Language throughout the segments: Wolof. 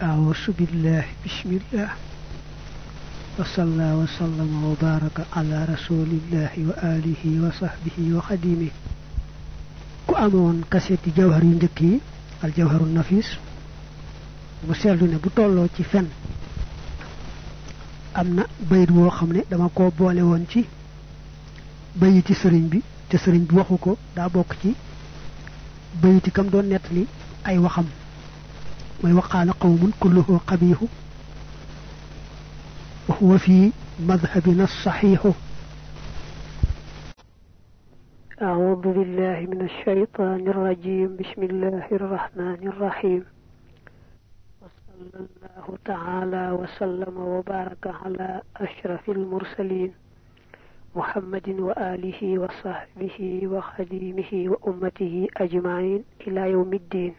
أعوذ بالله بسم الله وصلى وسلم وبارك على رسول الله وآله وصحبه وخديمه ku amoon kaseeti jawhar yu njëkk yi al jawharu nafis mu seetlu ne bu tolloo ci fen am na bayit woo xam ne dama ko boole woon ci bayiti sëriñ bi te sëriñ bi waxu ko daa bokk ci bayiti kam doon nettali ay waxam mooy waqaala qawmun kulluhu qabiihu wa huwa fi madhabina saxiixu أعوذ بالله من الشيطان الرجيم بسم الله الرحمن الرحيم وصلى الله تعالى وسلم وبارك على أشرف المرسلين محمد وآله وصحبه وخديمه وأمته أجمعين إلى يوم الدين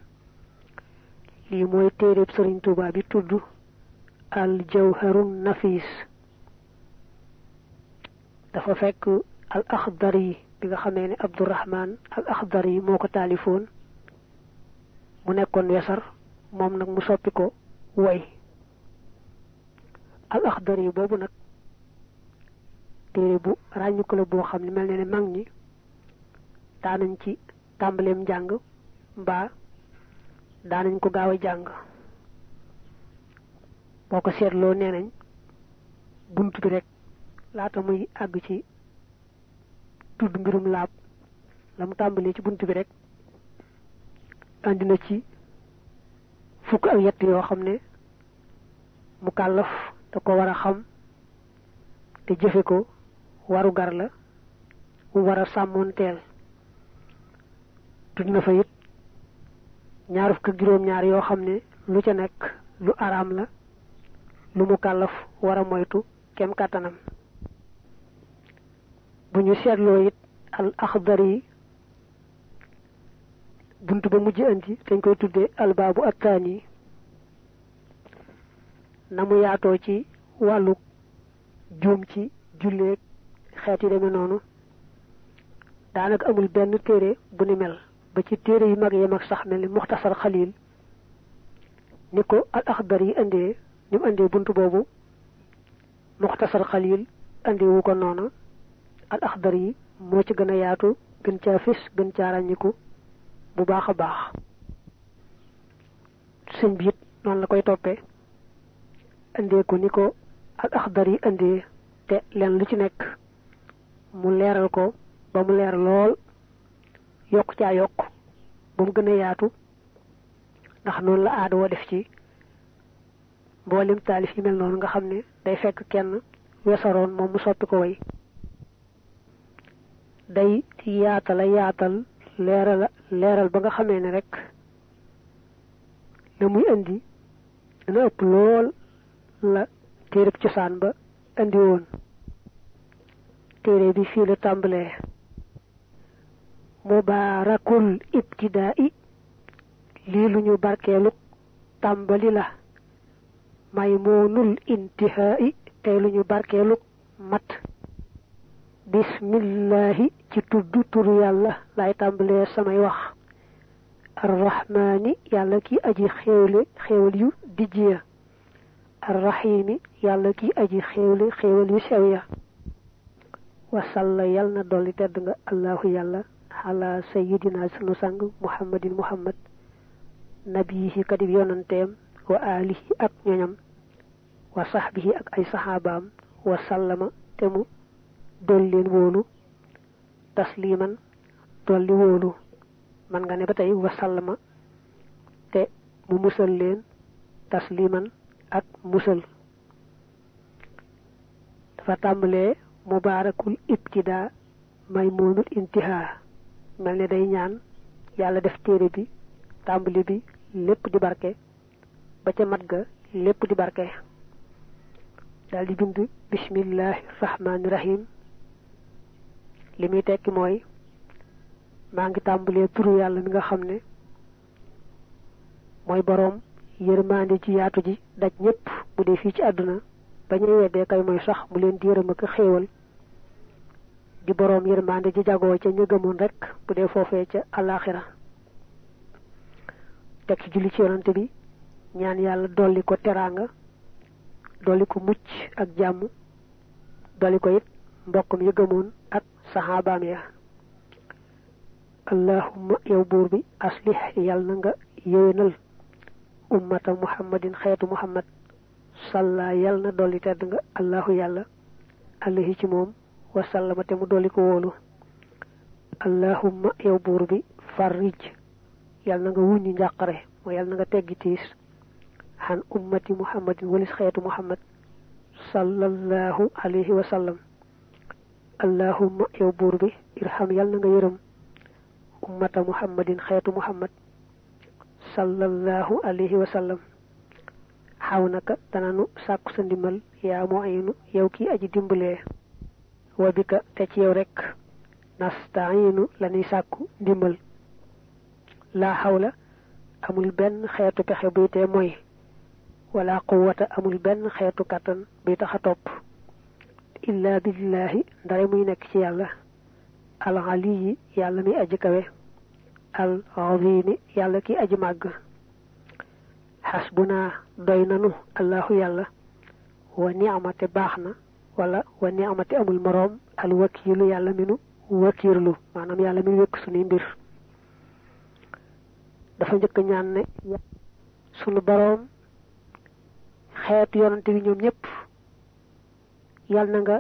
lii mooy téereb sëriñ Tuubaa bi tudd al jawharun nafis dafa fekk al axdar yi bi nga xamee ne abdurahman al axdar yi moo ko taalifoon mu nekkoon wesar moom nag mu soppi ko way al axdar yi boobu nag téere bu ràññu ko boo xam ne mel ne ne mag ñi daanañ ci tàmbaleem njàng mbaa daanañ ko gaaw a jàng boo ko seetloo nee nañ bunt bi rekk laata muy àgg ci tudd mbirum laab la mu tàmbalee ci bunt bi rek andi na ci fukk ak yett yoo xam ne mu kàllaf te ko war a xam te jëfe ko waru gar la mu war a sàmmoonteel tudd na fa it ñaar fukk juróom-ñaar yoo xam ne lu ca nekk lu araam la lu mu kàllaf war moytu kem kàttanam bu ñu seetloo it al axdari yi bunt ba mujj andi dañ koy tuddee albaabu attaan yi na mu yaatoo ci wàllu juum ci julleeg xeet yi demee noonu daanaka amul benn téere bu ni mel ba ci téere yu mag yi sax mel ni muxtasar xalil ni ko al axdar yi indee ni indee bunt boobu muxtasar xalil indi ko noona al axdar yi moo ci gën a yaatu gën caa fis gën caa ràññiku bu baax a baax sëñ bi it noonu la koy toppee indee ko ni ko al axdar yi indee te leen lu ci nekk mu leeral ko ba mu leer lool yokk caa yokk ba mu gën a yaatu ndax noonu la aada woo def ci mboolem taalif yi mel noonu nga xam ne day fekk kenn wesaroon moom mu soppi ko way day yaatala yaatal leerala leeral ba nga xamee ne rek la muy indi dana ëpp lool la téereb cosaan ba indi woon téere bi fii la tàmbalee mubaarakul ibtidaai lii lu ñu barkeelu tàmbali la maymuunul intihaai tey lu ñu barkeelu mat bismillahi ci tudd tur yàlla lay tàmbalee samay wax arrahmaani yàlla ki aji xéewle xéewal yu dijjiya arrahiimi yàlla ki aji xéewle xéewal yu sew ya wasalla yal na dool yi tedd nga allahu yàlla ala sayidina sunu sang muhammadin muhammad nabiyihi kadib yonanteem wa alihi ak ñoñam wa sahbihi ak ay saxaabaam wa te mu dool leen wóolu tasliman dolli wóolu man nga ne ba tey wa sallama te mu musal leen tasliman ak musal dafa tàmbalee mubaarakul ibtidaa maymuunul intihaa mel na day ñaan yàlla def téere bi tàmbali bi lépp di barke ba ca mat ga lépp di barke daldi di bind bismillahi rahmaani rahim li muy tekki mooy maa ngi tàmbalee turu yàlla mi nga xam ne mooy boroom yërmaande ci yaatu ji daj ñépp bu dee fii ci àdduna ba ñuy weddee kay mooy sax mu leen di yërëm ak xéewal di boroom yërmande ji jagoo ca ñu gëmoon bu dee foofee ca àllaaxira teg ci julli ci yonante bi ñaan yàlla dolli ko teraanga dolli ko mucc ak jàmm dolli ko it mbokkam yi ak saxaabaam ya allahumma yow buur bi aslih yàlla na nga yéwénal ummata muhammadin xeetu muhammad sàllaa yàlla na dolli tedd nga allahu yàlla allahi ci moom wasallama te mu dolli ko wóolu allahumma yow buur bi farrij yàlla na nga wuññi njàqare mooy yàlla na nga teggi tiis xan ummati muhammadin walis xeetu muhammad sallallahu alayhi wa sallam allahumma yow buur bi irham yàlla na nga yërëm ummata muhammadin xeetu muhammad sallallahu alayhi wa sallam xaw naka dananu sàkku sa ndimbal yaa moo aynu yow kii aji dimbalee wabika te ci yow rek nastainu la sàkku ndimbal laa xawla amul benn xeetu pexe buy tee mooy wala quwata amul benn xeetu kàttan buy tax a topp illa billahi ndare muy nekk ci yàlla al aliyi yàlla mi aji kawe al azimi yàlla ki aji màgg xasbuna doy nanu allahu yàlla wa ni'mate baax na wala wa ni'mati amul moroom al wakiilu yàlla mi nu wakiirlu maanaam yàlla mi wékk suñuy mbir dafa njëkk ñaan ne sunu boroom xeetu yonante bi ñoom ñëpp yàlla nga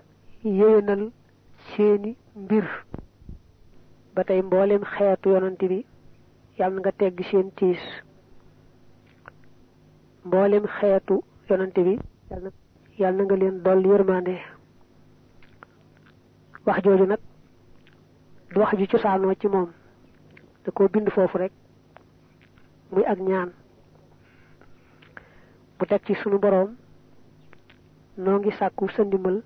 yéwénal seeni mbir ba tey mbooleem xeetu yonante yàlla nga tegg seen tiis mbooleem xeetu yonante bi yàlla yàlla na nga leen dolli yërmande wax jooju nag du wax ju cosaanoo ci moom da koo bind foofu rek muy ak ñaan mu teg ci sunu boroom noo ngi sàkku sa ndimbal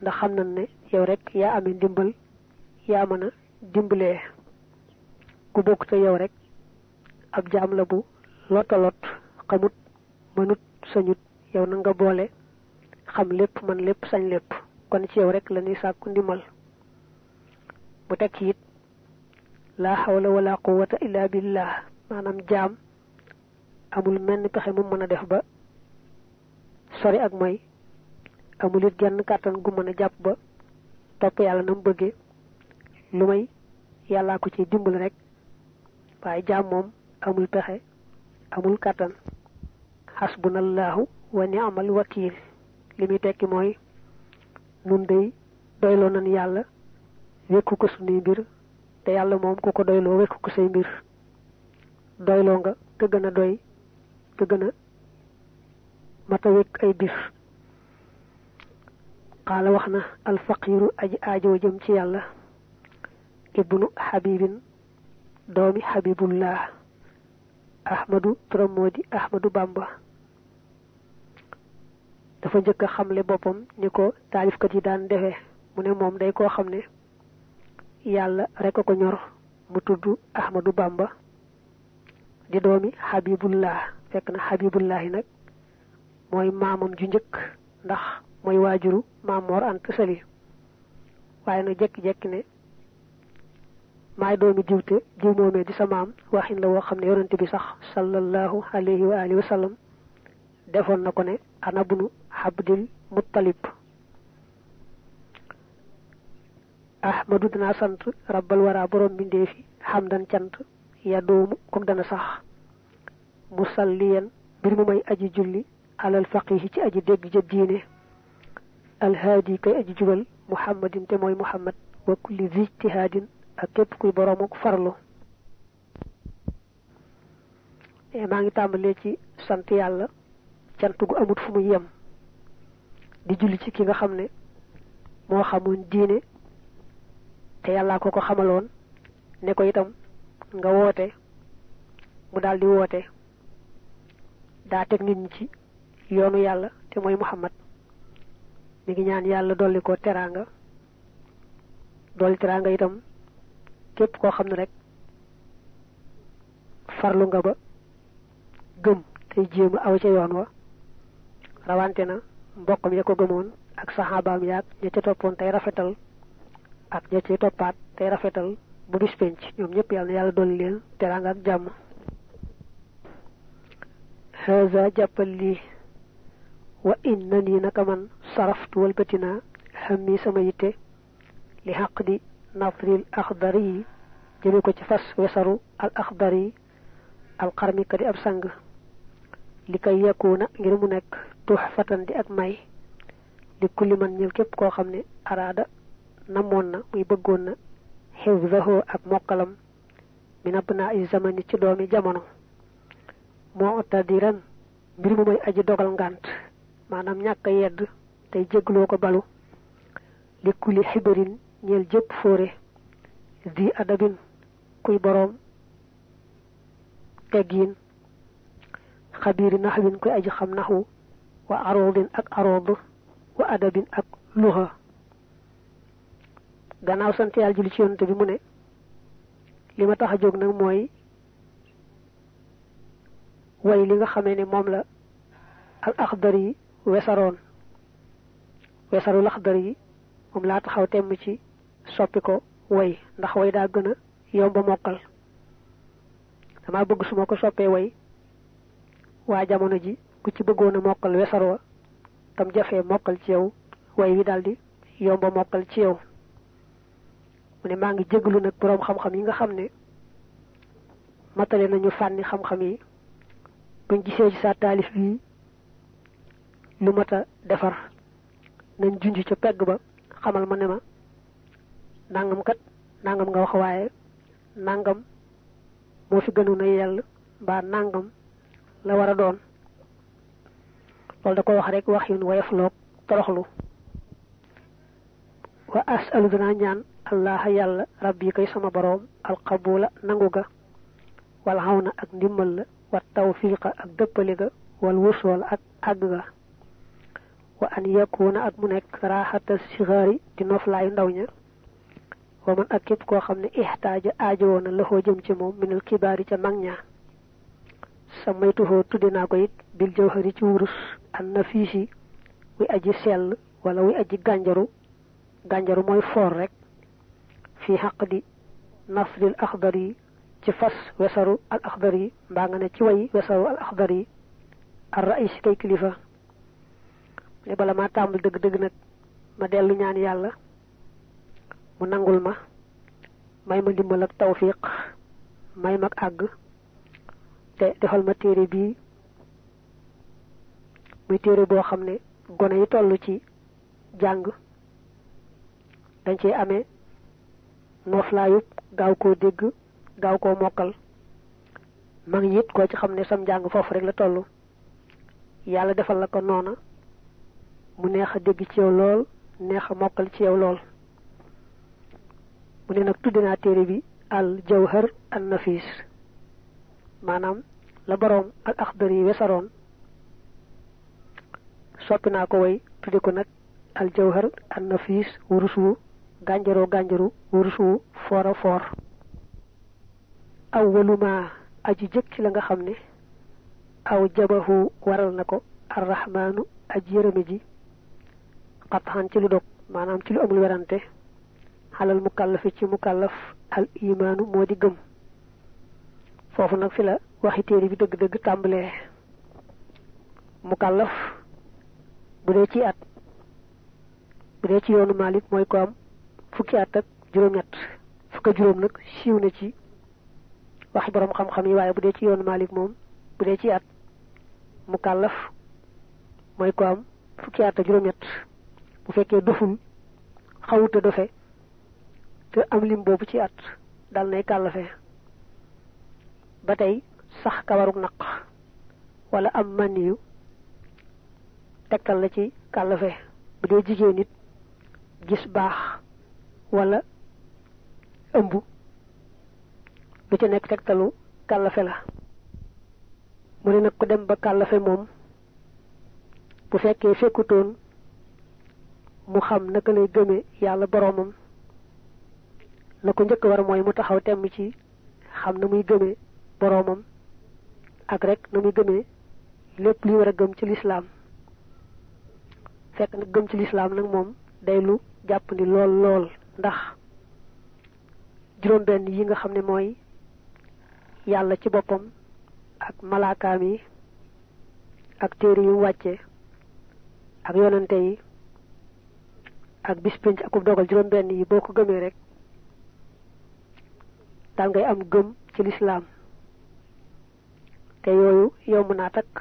ndax xam nañ ne yow rekk yaa amee ndimbal yaa mën a ku bokk te yow rek ab jaam la bu lottalot xamut mënut sañut yow na nga boole xam lépp man lépp sañ lépp kon ci yow rek la ñuy sàkku ndimal bu teg ci it laa xawla wala quwata illa billah maanaam jaam amul menn pexe mu mën a def ba sori ak mooy amul it genn kàttan gu mën a jàpp ba topp yàlla na mu bëggee lu may yàllaa ko ci dimbali rek waaye jaam moom amul pexe amul kàttan xasbunallahu wa ni'mal wakiil li muy tekki mooy nun day doyloo nañ yàlla wékku ko sunuy mbir te yàlla moom ku ko doyloo wékku ko say mbir doyloo nga te gën doy te gën a mata wékk ay bir xaala wax na alfaqiru aji aajoo ci yàlla ibnu xabibin doomi xabibullah ahmadu turam ahmadu bamba dafa njëkk a xamle boppam ni ko taalifkat yi daan defee mu ne moom day koo xam ne yàlla rek a ko ñor mu tudd Ahmadou bàmba di doomi Habibullah fekk na Habibullah yi nag mooy maamam ju njëkk ndax mooy waajuru maam Mor waaye nag jekki-jekki ne maay doomi diwte diw moomee di sa maam waxin la woo xam ne yonente bi sax sallallahu alayhi wa alihi wa defoon na ko ne ana abdil muttalib ahmadu dana sant rabbal wara borom bindeefi xamdan cant ya doomu kook dana sax musalliyan mbir mu may aji julli alal faqihi ci aji dégg ja diine alhaadi kay aji jubal muhammadin te mooy muhammad wa kulli zijtihaadin ak képp kuy boroomu farlu eh, maa ngi tàmbalee ci sant yàlla cant gu amut fu muy yem di julli ci ki nga xam ne moo xamoon diine te yàllaa ko ko xamaloon ne ko itam nga woote mu daal woote daa teg nit ñi ci yoonu yàlla te mooy Muhammad mi ngi ñaan yàlla dolli ko teraanga dolli teraanga itam képp koo xam ne rek farlu nga ba gëm tey jéema aw ca yoon wa rawante na mbokkam ya ko gëmoon ak saxaabaam yaag ña ca toppoon tey rafetal ak ña ci toppaat tey rafetal bu bis ñoom ñëpp yàlla na yàlla dolli leen teraanga ak jàmm haza jàppal li wa inna nii naka man saraftu walbati naa xam ni sama yitte li xaq di nadril axdari yi ko ci fas wesaru al di ab sang li kay yakkuuna ngir mu nekk tux fatan di ak may li kulli man ñëw képp koo xam ne araada namoon na muy bëggoon na xifdahu ak mokkalam mi nabb naa ay zamani ci doomi jamono moo ottadiran mbir mu mooy aji dogal ngànt maanaam ñàkk a yedd tey jégloo ko balu li kulli xibarin ñeel jëpp fóore di adabin kuy boroom teggiin xabiiri naxwin kuy aji xam naxwu wa arodin ak arod wa adabin ak luxa gannaaw sant yàlla julli ci yonante bi mu ne li ma tax a jóg nag mooy way li nga xamee ne moom la al axdar yi wesaroon wesarul axdar yi moom laa taxaw temm ci soppi ko woy ndax woy daa gën a yomba mokkal dama bëgg su ma ko soppee woy waa jamono ji ku ci bëggoon a mokkal wesar wa tam jafe mokkal ci yow way wi daal di yomba mokkal ci yow mu ne maa ngi jéglu nag boroom xam-xam yi nga xam ne matale nañu fànni xam-xam yi buñ gisee ci sa taalif bii lu mat a defar nañ junj ca pegg ba xamal ma ne ma nangam kat nangam nga wax waaye nangam moo fi gënoon a yell mbaa nangam la war a doon wala da ko wax wax yun woyof loog toroxlu wa asalu danaa ñaan allah yàlla rab yi koy sama boroom alqabula nangu ga wal xaw na ak ndimmal la wa tawfiqa ak dëppali ga wal wusool ak àgg ga wa an yakuna ak mu nekk raxata sigaari di noflaayu ndaw ña wa man ak képp koo xam ne ixtaaja aajowoo na loxoo jëm ci moom minal kibaari ca mag ña sa maytuhoo tudde naa ko it bil jawhari ci wurus an nafiisi wuy aji sell wala wuy aji gànjaru gànjaru mooy foor rek fi xaq di nasril axdar yi ci fas wesaru al axdar yi mbaa nga ne ci way wesaru al axdar yi ar rais kay kilifa ne bala maa tàmbal dëgg-dëgg nag ma dellu ñaan yàlla mu nangul ma may ma ndimbal ak tawfiq may mag àgg te defal ma téere bii muy téere boo xam ne gone yi toll ci jàng dañ cee amee nooflaayub gaaw koo dégg gaaw koo mokkal mag ñi koo ci xam ne sam njàng foofu rek la toll yàlla defal la ko noona mu neex a dégg ci yow lool neex a mokkal ci yow lool mu ne nag tudde naa téere bi al jawhar an nafis maanaam la boroom ak axdar yi wesaroon soppi naa ko way tudde ko nag aljawhar an nafis wurus wu gànjaroo gànjaru wurus wu foor a foor awwaluma jëkk ci la nga xam ne aw jabahu waral na ko arrahmaanu aji yërëme ji xatxaan ci lu dog maanaam ci lu amul werante xalal mukallafi ci mukallaf al imaanu moo di gëm foofu nag fi la waxi téere bi dëgg-dëgg tàmbalee mukallaf bu dee ci at bu dee ci yoonu Malik mooy ko am fukki at ak juróom-ñett fukk ak juróom nag siiw na ci wax borom xam-xam yi waaye bu dee ci yoonu Malik moom bu dee ci at mu kàllaf mooy ko am fukki at ak juróom-ñett bu fekkee doful xawuta dofe te am lim boobu ci at dal nay kàllafe ba tey sax kawaruk naq wala am mànniyu tegtal la ci kàllafe bu dee jigéen nit gis baax walla ëmb lu ci nekk tegtalu kàllafe la mu ne nag ku dem ba kàllafe moom bu fekkee fekkutoon mu xam naka lay gëme yàlla boroomam la ko njëkk war mooy mu taxaw temm ci xam na muy gëme boroomam ak rek na muy gëmee lépp li war a gëm ci lislaam fekk na gëm ci lislaam nag moom day lu jàppandi lool lool ndax juróom-benn yi nga xam ni mooy yàlla ci boppam ak malaakaam yi ak téere yu wàcce ak yonante yi ak bis pénc ak dogal juróom-benn yi boo ko gëmee rek daal ngay am gëm ci lislaam te yooyu yomb naa takk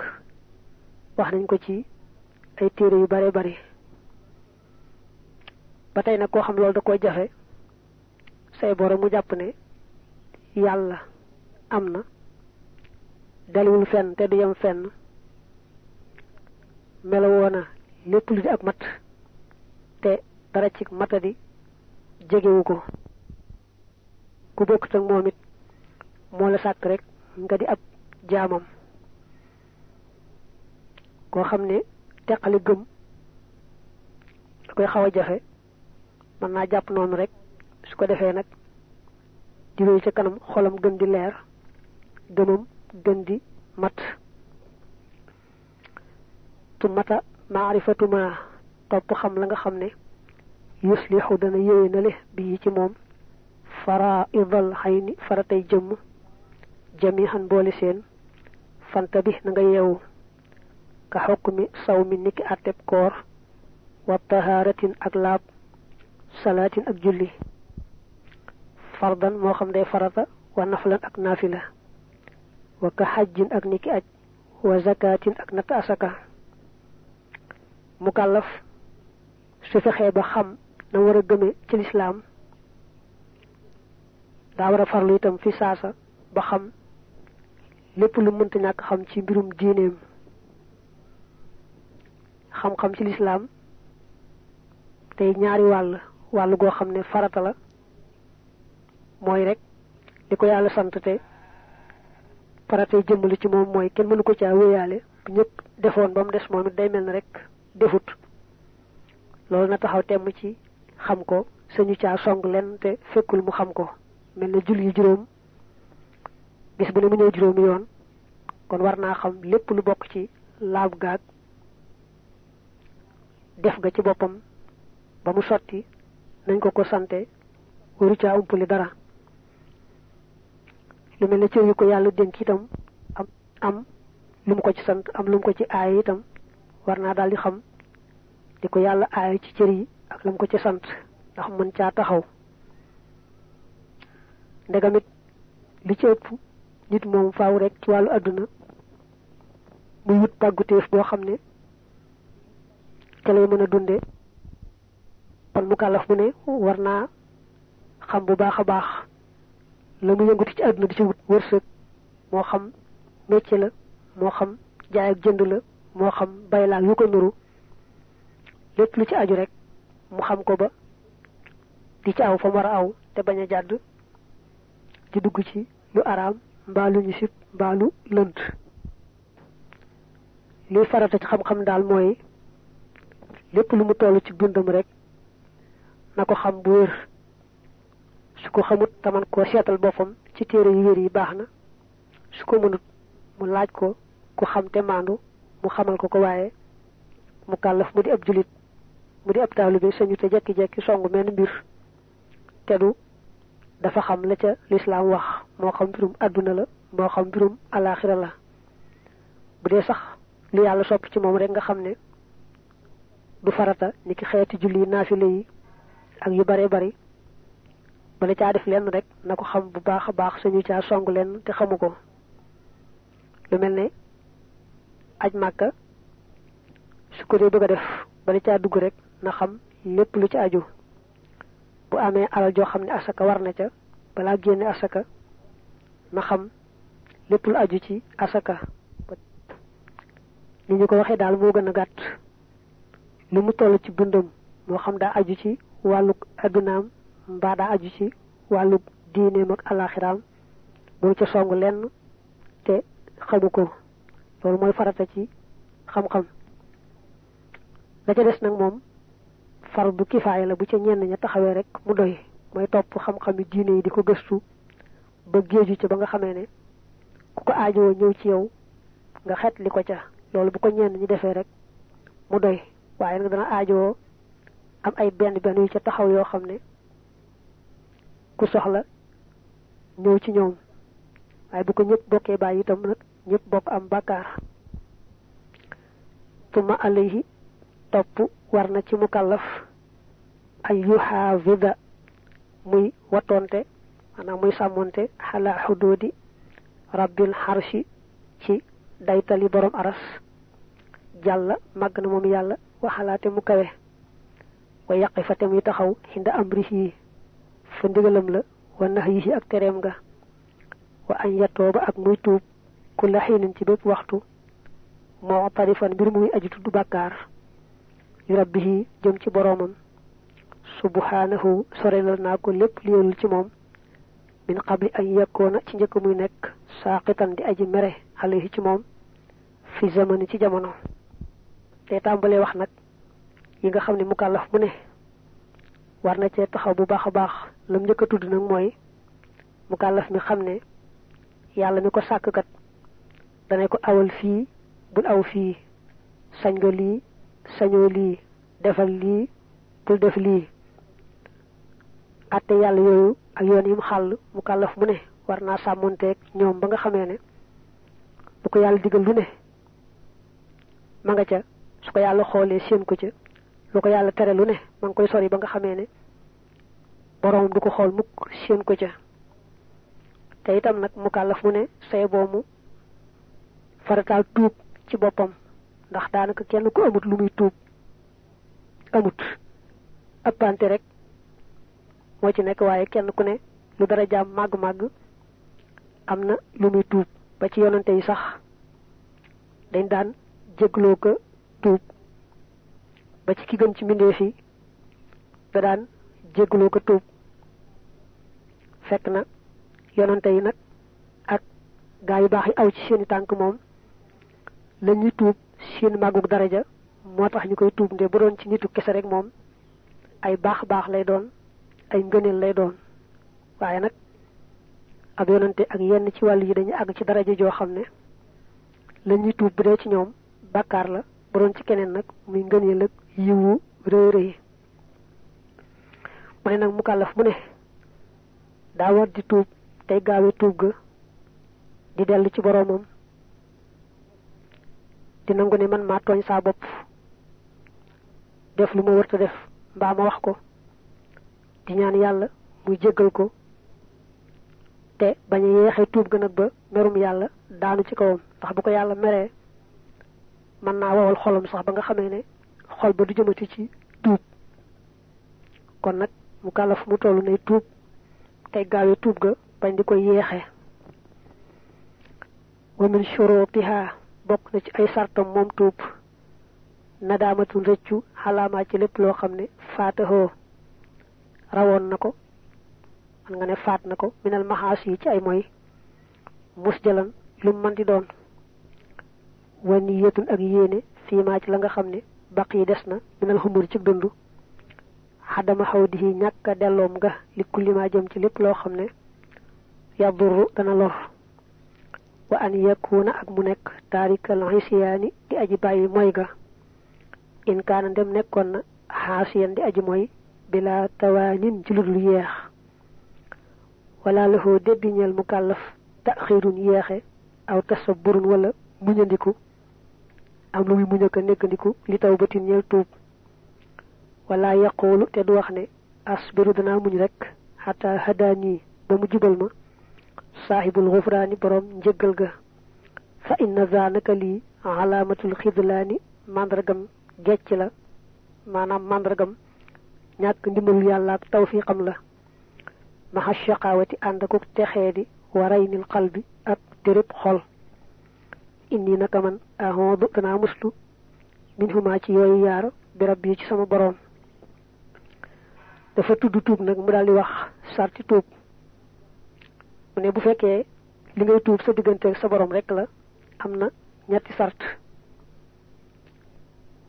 wax nañ ko ci ay téere yu bare bari ba tey nag koo xam lool da koy jafe say boro mu jàpp ne yàlla am na delluwul fenn te du yem fenn melawoona lépp lu di ak mat te dara ci matadi jegewu ko ku bokkut ak moom it moo la sàkk rek nga di ab jaamam koo xam ne teqale gëm da koy xaw a jafe mën naa jàpp noonu rek su ko defee nag di wéy ca kanam xolam gën di leer gëmam gën di mat tu mata maarifatuma topp xam la nga xam ne yuslixu dana yëwee nale bii ci moom fara idal xay ni faratay jëmm jamihan boole seen fanta bi na yeewu ka xukmi saw mi niki àtteb koor wa tahaaratin ak laab salaatin ak julli fardan moo xam day farata wa naflan ak naafila wa ka xajjin ak niki aj wa zakaatin ak natt mukallaf su fexee ba xam na war gëme ci lislaam daa war a farlu itam fi saasa ba xam lépp lu mënta ñàkk xam ci mbirum diineem xam-xam ci lislaam tey ñaari wàll wàll goo xam ne farata la mooy rek li ko yàlla sant te farate jëmmali ci moom mooy kenn mënu ko caa wéyaale bu ñëpp defoon ba mu des moom it day mel ne rek defut loolu na taxaw temm ci xam ko sañu caa song leen te fekkul mu xam ko mel na jul yi juróom bis bu ne mu ñëw juróomi yoon kon war naa xam lépp lu bokk ci laab gaag def ga ci boppam ba mu sotti nañ ko ko sante waru caa umpale dara lu mel ne cër yi ko yàlla dénk itam am am lu mu ko ci sant am lu mu ko ci aay itam war naa daal di xam li ko yàlla aay ci cër yi ak lu mu ko ci sant ndax mën caa taxaw ndegamit li ci ëpp nit moom faaw rek ci wàllu àdduna muy wut tàgguteef boo xam ne ca lay mën a dunde kon mu kàllaf mu ne war naa xam bu baax a baax la mu yënguti ci àdduna di ci wut wërsëg moo xam métier la moo xam jaay ak jënd la moo xam bay laag yu ko nuru lépp lu ci aju rek mu xam ko ba di ci aw fa mu war aw te bañ a jàdd di dugg ci lu araam mbaa lu ñu sib mbaa lu lënt liy farata ci xam-xam daal mooy lépp lu mu toll ci bindam rek na ko xam bu wér su ko xamut taman koo seetal boppam ci téere yu wér yi baax na su ko mënut mu laaj ko ku xam te maandu mu xamal ko ko waaye mu kàllaf mu di ab julit mu di ab taalibe sañu te jekki-jekki songu menn mbir te dafa xam la ca lislaam wax moo xam mbirum àdduna la moo xam mbirum alaaxira la bu dee sax li yàlla sopp ci moom rek nga xam ne du farata ni ki xeeti julli naafila yi ak yu bare bari bala caa def lenn rek na ko xam bu baax a baax sañu caa song lenn te xamu ko lu mel ni aj màkka su ko dee bëgg def bala caa dugg rek na xam lépp lu ci aju bu amee alal joo xam ne asaka war na ca balaa génne asaka na xam lépp lu aju ci asaka ni ñu ko waxee daal moo gën a gàtt li mu toll ci dundam moo xam daa aju ci wàllug addunaam mbaa daa aju ci wàllug diineem ak alaxiraam boo ca song lenn te xamu ko loolu mooy farata ci xam-xam la ca des nag moom far bu kifaaya la bu ca ñenn ña taxawee rek mu doy mooy topp xam-xami diine yi di ko gëstu ba géeju ca ba nga xamee ne ku ko aajowoo ñëw ci yow nga xet li ko ca loolu bu ko ñenn ñi defee rek mu doy waaye nag dana aajowoo am ay benn benn yu ca taxaw yoo xam ne ku soxla ñëw ci ñoom waaye bu ko ñëpp bokkee bàyyi itam nag ñëpp bokk am bàkkaar tuma alayhi topp war na ci mukallaf ay yuhaafida muy wattoonte maanaam muy sàmmonte xalaa xuduudi rabbil xarshi ci daytali borom aras jàlla màgg na moom yàlla waxalaate mu kawe wa yàqi fa te muy taxaw xinda am ris yi fa ndigalam la wa nax yi si ak tereem nga wa añ yattoo ba ak muy tuub ku la ci bépp waxtu moo tarifan mbir muy aju tudd bàkkaar yu rabbi yi jëm ci boroomam subhanahu sorenal naa ko lépp li yoonul ci moom min qabli an yekkoona ci njëkk muy nekk saaqitan di aji mere xale yi ci moom fi zamani ci jamono te tàmbalee wax nag yi nga xam ne mukallaf bu ne war na cee taxaw bu baax a baax lam njëkk a tudd nag mooy mukallaf mi xam ne yàlla mi ko sàkk kat dana ko awal fii bul aw fii sañ nga lii sañoo lii defal lii bul def lii atte yàlla yooyu ak yoon yi mu xàll mukallaf bu ne war naa sàmmonteeg ñoom ba nga xamee ne bu ko yàlla digal lu ne ma nga ca su ko yàlla xoolee séen ko ca loo ko yàlla tere lu ne ma ngi koy sori ba nga xamee ne boroomam du ko xool mukk séen ko ca te itam nag mu kàllaf mu ne say boomu farataal tuub ci boppam ndax daanaka kenn ku amut lu muy tuub amut ëppante rek moo ci nekk waaye kenn ku ne lu dara jaam màgg-màgg am na lu muy tuub ba ci yonante yi sax dañ daan jégloo ko tuub ba ci ki gën ci mbindeef yi da daan jégguloo ko tuub fekk na yonante yi nag ak gaa yu baax yi aw ci seeni tànk moom la ñuy tuub seen màggug daraja moo tax ñu koy tuub nde bu doon ci nitu kese rek moom ay baax baax lay doon ay ngëneel lay doon waaye nag ab yonante ak yenn ci wàll yi dañuy àgg ci daraja joo xam ne la ñuy tuub bu dee ci ñoom bàkkaar la bu ci keneen nag muy ngën yëlëg yiwu rëy rëy mu ne nag mu kàllaf mu ne daa di tuub tey gaawe tuub ga di dell ci boroomam di nangu ne man maa tooñ saa bopp def lu ma wërta def mbaa ma wax ko di ñaan yàlla muy jéggal ko te bañ a yeexee tuub ga nag ba merum yàlla daanu ci kawam ndax bu ko yàlla meree mën naa wowal xolam sax ba nga xamee ne xol ba du jëmati ci tuub kon nag mu kàllaf mu toll nay tuub tey gaawe tuub ga bañ di ko yeexe wa min bokk na ci ay sartam moom tuub nadaamatul rëccu xalaamaa ci lépp loo xam ne faatahoo rawoon na ko man nga ne faat na ko minal maxaas yi ci ay moy mus jalan lu mu di doon wa niyatun ak yéene fiimaa la nga xam ne baq yi des na minal xumur ci dund xadama xaw di ñàkk a delloom nga li kullimaa jëm ci lépp loo xam ne yadurru dana lor wa an yakuna ak mu nekk taarikal xisiyaani di aji bàyyi mooy ga in ndem nekkoon na xaasiyan di aji mooy bila tawaanin ci ludul yeex wala laxoo débbi ñeel mu kàllaf taxirun yeexe aw tasa burun wala muñandiku am lu muy mu ñëkk a nekkandiku li taw ba tuub wala yaqoolu te du wax ne asbiru danaa muñ rek xataa hadaani ba mu jubal ma saaxibul xufraani borom njëggal ga fa inna zanaka lii alaamatul xidlaani màndargam gecc la maanaam màndargam ñàkk ndimbalul yàlla ak tawfiqam la maxa shaqaawati ànd akuk texee di warayinil xal bi ak tërëb xol indi naka man ahodu danaa muslu min huma ci yooyu yaar bi rabbi ci sama boroom dafa tudd tuub nag mu daal di wax sarti tuub mu ne bu fekkee li ngay tuub sa digganteeg sa boroom rek la am na ñetti sart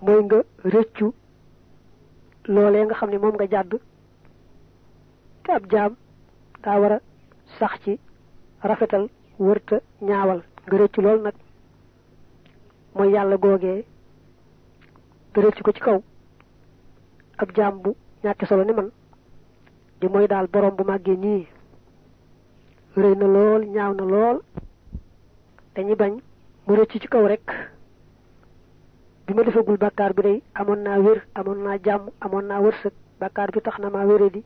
mooy nga rëccu loolee nga xam ne moom nga jàdd te ab jaam daa war sax ci rafetal wërta ñaawal nga rëccu lool nag mooy yàlla googee tëral ko ci kaw ab jaam bu ñàkk solo ni man di mooy daal borom bu màggee nii rëy na lool ñaaw na lool dañuy bañ mu rëcc ci kaw rek bi ma defagul bàkkaar bi day amoon naa wér amoon naa jàmm amoon naa wërsëg bàkkaar bi tax na maa wéradi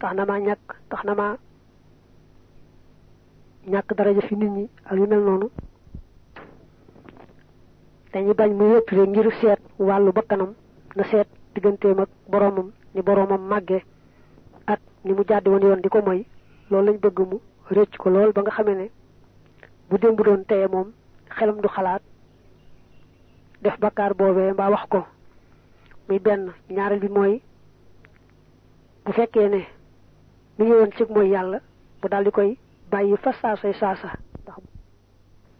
tax na maa ñàkk tax na maa ñàkk daraja fi nit ñi ak yu mel noonu dañuy bañ muy wéttule ngir seet wàllu bakkanam na seet digganteem ak boroomam ni boroomam màggee ak ni mu jàdd woon yoon di ko moy loolu lañu bëgg mu rëcc ko lool ba nga xamee ne bu démb doon teye moom xelam du xalaat def bakkaar boobee mbaa wax ko muy benn ñaareel bi mooy bu fekkee ne mi ngi woon ci mooy yàlla bu daal di koy bàyyi fa saasay saasa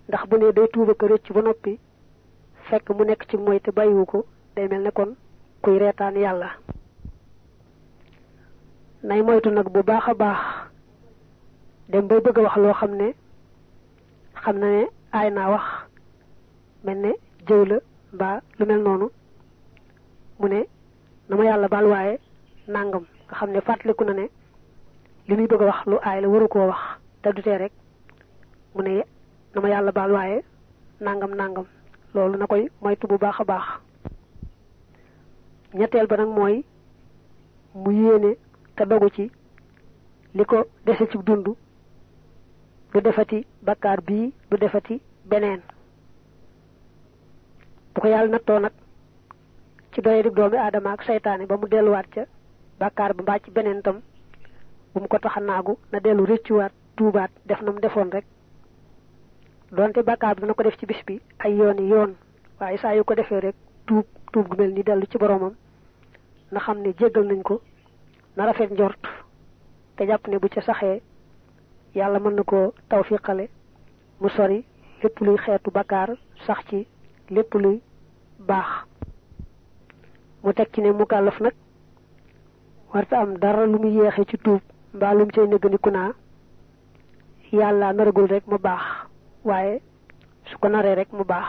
ndax bu ne day tuuba ko rëcc ba noppi fekk mu nekk ci moy te bàyyiwu ko day mel ne kon kuy reetaan yàlla nay moytu nag bu baax a baax dem bay bëgg wax loo xam ne xam na ne aay naa wax mel ne jëw la mbaa lu mel noonu mu ne na ma yàlla baal waaye nàngam nga xam ne fàttaliku na ne li muy bëgg a wax lu aay la waru koo wax te du tee rek mu ne na ma yàlla baal waaye nàngam nàngam loolu na koy moytu bu baax a baax ñetteel ba nag mooy mu yéene te dogu ci li ko dese ci dund du defati bakkaar bii du defati beneen bu ko yàlla nattoo nag ci doye di doomi aadama ak seytaane ba mu delluwaat ca bakkaar ba mbaa ci beneen tam bu mu ko tax a naagu na dellu rëccuwaat tuubaat def na mu defoon rek doonte bàkkaar bi dana ko def ci bis bi ay yooni yoon waaye saa yu ko defee rek tuub tuub gu mel ni dellu ci boromam na xam ne jéggal nañ ko na rafet njort te jàpp ne bu ca saxee yàlla mën na koo tawfiqale mu sori lépp luy xeetu bàkkaar sax ci lépp luy baax mu teg ci ne mu kàllaf nag warta am dara lu mu yéexee ci tuub mbaa lu mu cay néggandiku naa yàlla naragul rek ma baax waaye su ko naree rek mu baax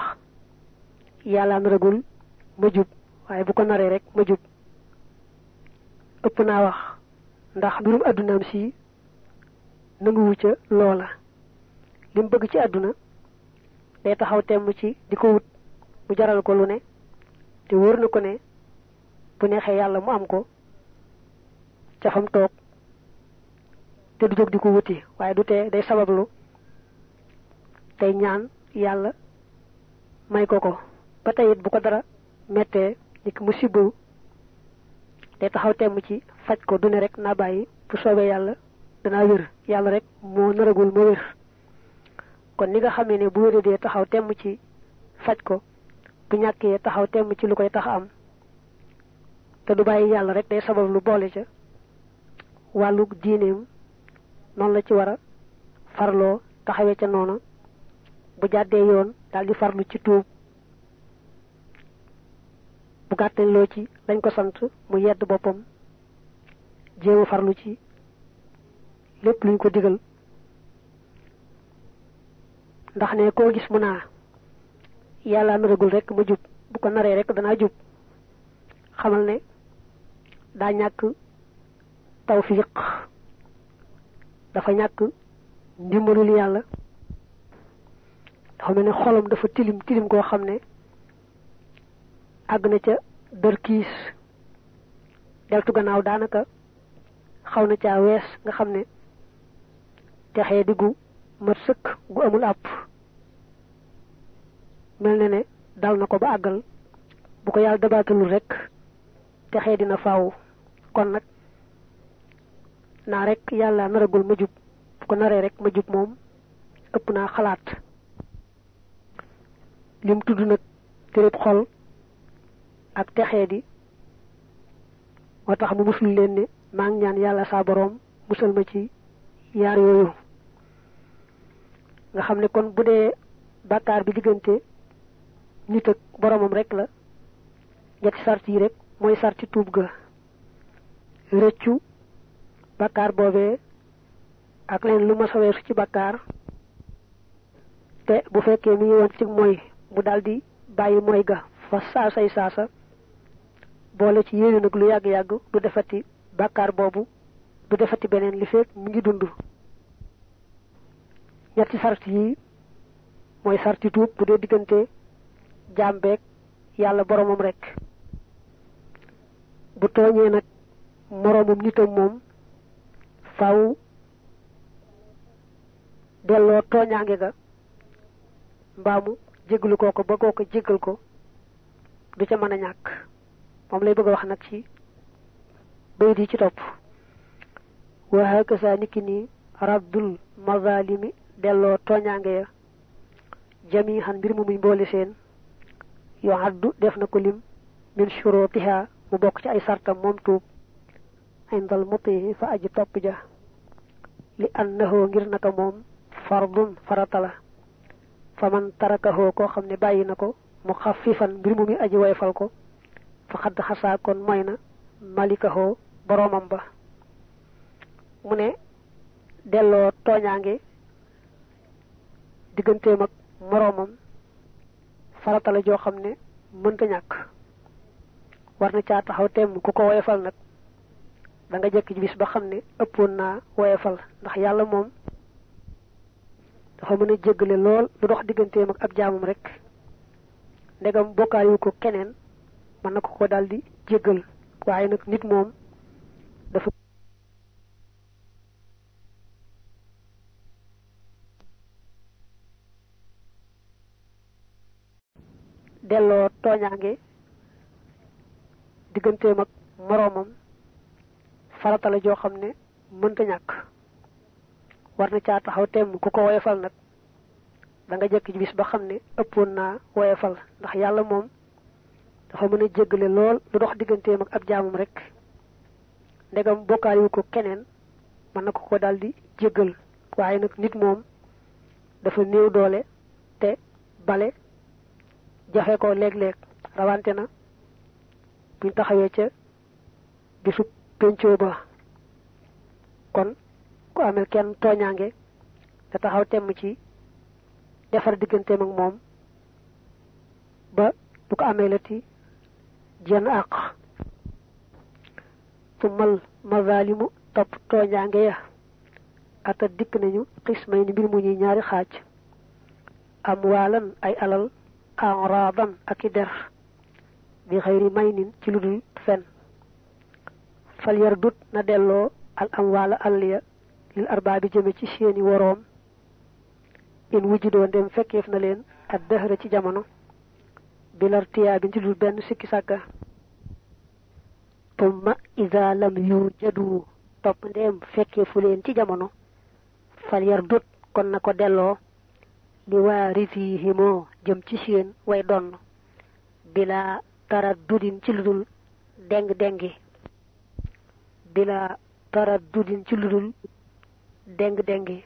yàlla naragul ma jub waaye bu ko naree rek ma jub ëpp naa wax ndax mbirum àddunaam si nanguwu ca loola li mu bëgg ci àdduna day taxaw tem ci di ko wut mu jaral ko lu ne te wër na ko ne bu neexee yàlla mu am ko ca fam toog te du jóg di ko wuti waaye du tee day sabablu day ñaan yàlla may ko ko ba tey bu ko dara mettee ni mu musiba day taxaw temm ci faj ko du ne rekk naa bàyyi bu soobee yàlla danaa wér yàlla rek moo naragul ma wér kon ni nga xamee ne bu wéradee taxaw temm ci faj ko bu ñàkkee taxaw temm ci lu koy tax am te du bàyyi yàlla rek day sabab lu boole ca wàllu diineem noonu la ci war a farloo taxawee ca noonu bu jàddee yoon daal di farlu ci tuub bu gàttaloo ci lañ ko sant mu yedd boppam jéem farlu ci lépp luñ ko digal ndax ne koo gis mu naa yàlla naragul rekk ma jub bu ko naree rek danaa jub xamal ne daa ñàkk tawfiq dafa ñàkk ndimbalul yàlla dafa mel ne xolam dafa tilim tilim koo xam ne àgg na ca dër kiis deltu gannaaw daanaka xaw na caa wees nga xam ne texee di gu mat sëkk gu amul àpp mel na ne dal na ko ba àggal bu ko yàlla dabaatalul rek texee dina faw kon nag naa rekk yàlla naragul ma jub bu ko naree rek ma jub moom ëpp naa xalaat lim tudd nag tërëb xol ak texee di moo tax mu musul leen ne ñaan yàlla saa boroom musal ma ci yaar yooyu nga xam ne kon bu dee bàkkaar bi diggante nit ak boromam rek la ñetti sart yi rek mooy sarti tuub ga rëccu bàkkaar boobee ak leen lu ma saweesu ci bakkaar te bu fekkee mi ngi woon ci mooy mu daal bàyyi mooy ga fa saasay saasa boole ci yéene nag lu yàgg-yàgg du defati bàkkaar boobu du defati beneen li feeg mu ngi dund ñetti sart yi mooy sarti tuub bu dee diggante jàmbeeg yàlla boromam rek bu tooñee nag moroomam nitam moom faw delloo tooñaange ga mbaamu jéggalu kooku ba kooku jéggal ko du ca mën a ñàkk moom lay bëgg wax nag ci bayit yi ci topp wa hakaza niki nii rabdul mazalimi delloo tooñaange ya jamihan mbir mu muy mboole seen yoo addu def na ko lim min shurutiha mu bokk ci ay sartam moom tuub indal mutii fa aji topp ja li annahu ngir naka moom fardun farata fa man tarakahoo koo xam ne bàyyi na ko mu xafifan mbir mu muy aji woyfal ko fa xadd xasaa kon mooy na malikahoo boroomam ba mu ne delloo tooñaange digganteem ak moroomam farata joo xam ne mënta ñàkk war na caa taxaw temm ku ko woyefal nag da nga jekk ci bis ba xam ne ëppoon naa woyefal ndax yàlla moom dafa mën a jéggale lool lu dox digganteem ak ab jaamam rek ndegam bokkaayu ko keneen mën na ko ko daal jéggal waaye nag nit moom dafa delloo tooñaange digganteem ak moroomam farata joo xam ne mënta ñàkk war na caa taxaw temm ku ko woyofal nag danga nga jëkk ci bis ba xam ne ëppoon naa woyofal ndax yàlla moom dafa mën a jéggale lool lu dox digganteem ak ab jaamam rek ndegam bokkaal yu ko keneen mën na ko ko daal di jéggal waaye nag nit moom dafa néew doole te bale jafe ko léeg-léeg rawante na buñ taxawee ca gisu pencoo ba kon ku amel kenn tooñaange da taxaw temm ci defar digganteem ak moom ba du ko ameelati jenn àq tumal mazalimu topp tooñaange ya ata dikk nañu xismay ni mbir mu ñuy ñaari xaaj am waalan ay alal enraban ak i der bi xëyri may ci lu dul fen fal dut na delloo al am waala àll ya lil arbaabi jëme ci seeni woroom in wujjudoo ndem fekkeef na leen ak dëhëra ci jamono bilar tiyaa bi njudul benn sikki sàkka tumma ida yu jadu topp ndem fekkeefu ci jamono fal yar kon na ko delloo li waarisihi jëm ci seen way donn bila tara dudin ci ludul deng dengi bila tara dudin ci ludul déng déngi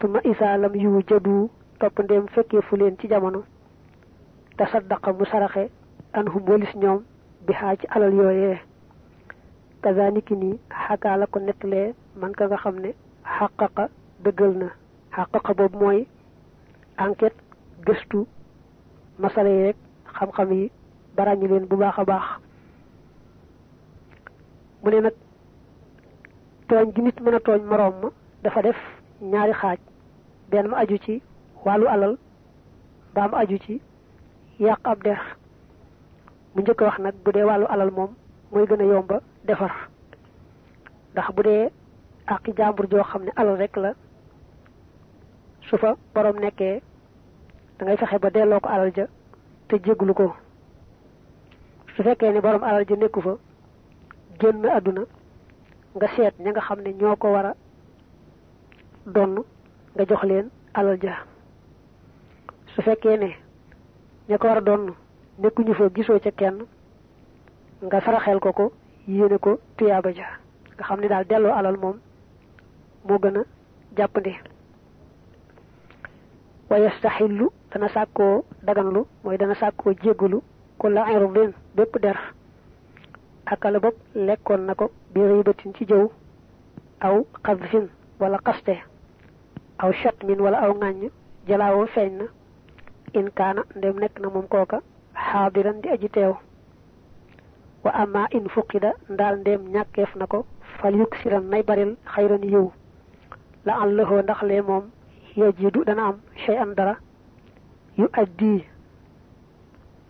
tuma isaalam yu jadu topp ndéem fekkee fu leen ci jamono te tasaddaqa mu saraxe an hum walis ñoom bi xaa ci alal yooyee kazaniki nii xakaa la ko nettalee man ka nga xam ne xaqaqa dëggal na xaqaqa boobu mooy enquête gëstu masala yi rek xam-xam yi barañu leen bu baax a baax mu ne tooñ gi nit mën a tooñ moroom ma dafa def ñaari xaaj benn mu aju ci wàllu alal mbaa aju ci yàq ab der bu njëkk wax nag bu dee wàllu alal moom mooy gën a yomba defar ndax bu dee àqi jàmbur joo xam ne alal rek la su fa boroom nekkee da ngay fexe ba delloo ko alal ja te jégglu ko su fekkee ne boroom alal ja nekku fa génn àdduna nga seet ña nga xam ne ñoo ko war a donn nga jox leen alal ja su fekkee ne ña ko war a donn nekkuñu fa gisoo ca kenn nga saraxel ko ko yéene ko tuyaaba ja nga xam ni daal delloo alal moom moo gën a jàppandi wa yastaxillu dana sàkkoo daganlu mooy dana sàkkoo jéggalu ku la irudin bépp der akala bopp lekkoon na ko bi ribatin ci jëw aw xadfin wala xaste aw chatmin wala aw ŋàññ jalaawoo feeñ na in kaana ndem nekk na moom kooka xaadiran di aji teew wa ama in fuqida ndaal ndem ñàkkeef na ko fal yuksiran nay baril xayran yiw la an lëxoo ndax lee moom yajidu dana am chey an dara yu addi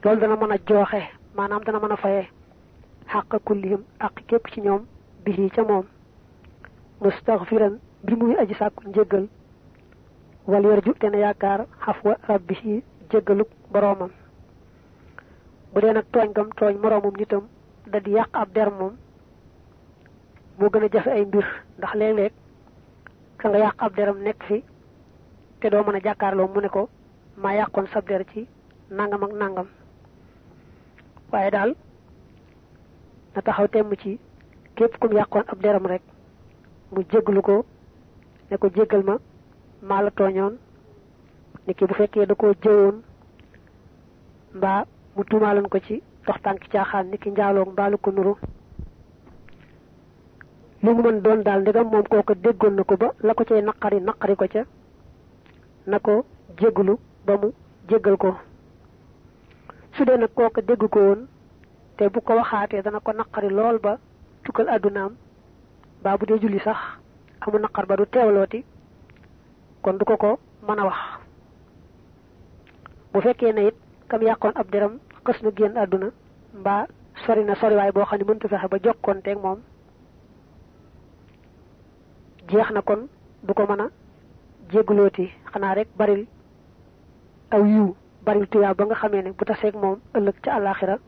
loolu dana mën a jooxe maanaam dana mën a fayee xàq kullihim àq képp ci ñoom bi ca moom mustaghfiran bi muy aji sàkku njéggal wal yarju te na yaakaar xafwa rabbihi jéggaluk boroomam bu dee nag tooñ gam tooñ moroomum nitam da di yàq ab der moom moo gën a jafe ay mbir ndax léeg-léeg ka nga yàq ab deram nekk fi te doo mën a jàkkaarloo mu ne ko maa yàqoon sab der ci nangam ak nangam waaye daal na taxaw temm ci képp kum yàqoon ab deram rek mu jéglu ko ne ko jéggal ma maa la tooñoon ni ki bu fekkee da koo jëwoon mbaa mu tuumaaloon ko ci ndox tànk caaxaan ni ki njaaloog mbaa lu ko nuru lu mu mën doon daal ndegam moom kooku déggoon na ko ba la ko cay naqari naqari ko ca na ko jéglu ba mu jéggal ko su dee nag kooku dégg ko woon te bu ko waxaatee dana ko naqari lool ba tukkal àddunaam baa bu dee julli sax amu naqar ba du teewlooti kon du ko ko mën a wax bu fekkee ne it kam yàqoon ab deram xës na génn àdduna mbaa sori na soriwaay boo xam ne mënta fexe ba jokkoonteeg moom jeex na kon du ko mën a jéggalooti xanaa rek baril aw yiw baril tuyaa ba nga xamee ne bu taseeg moom ëllëg ca àllaaxira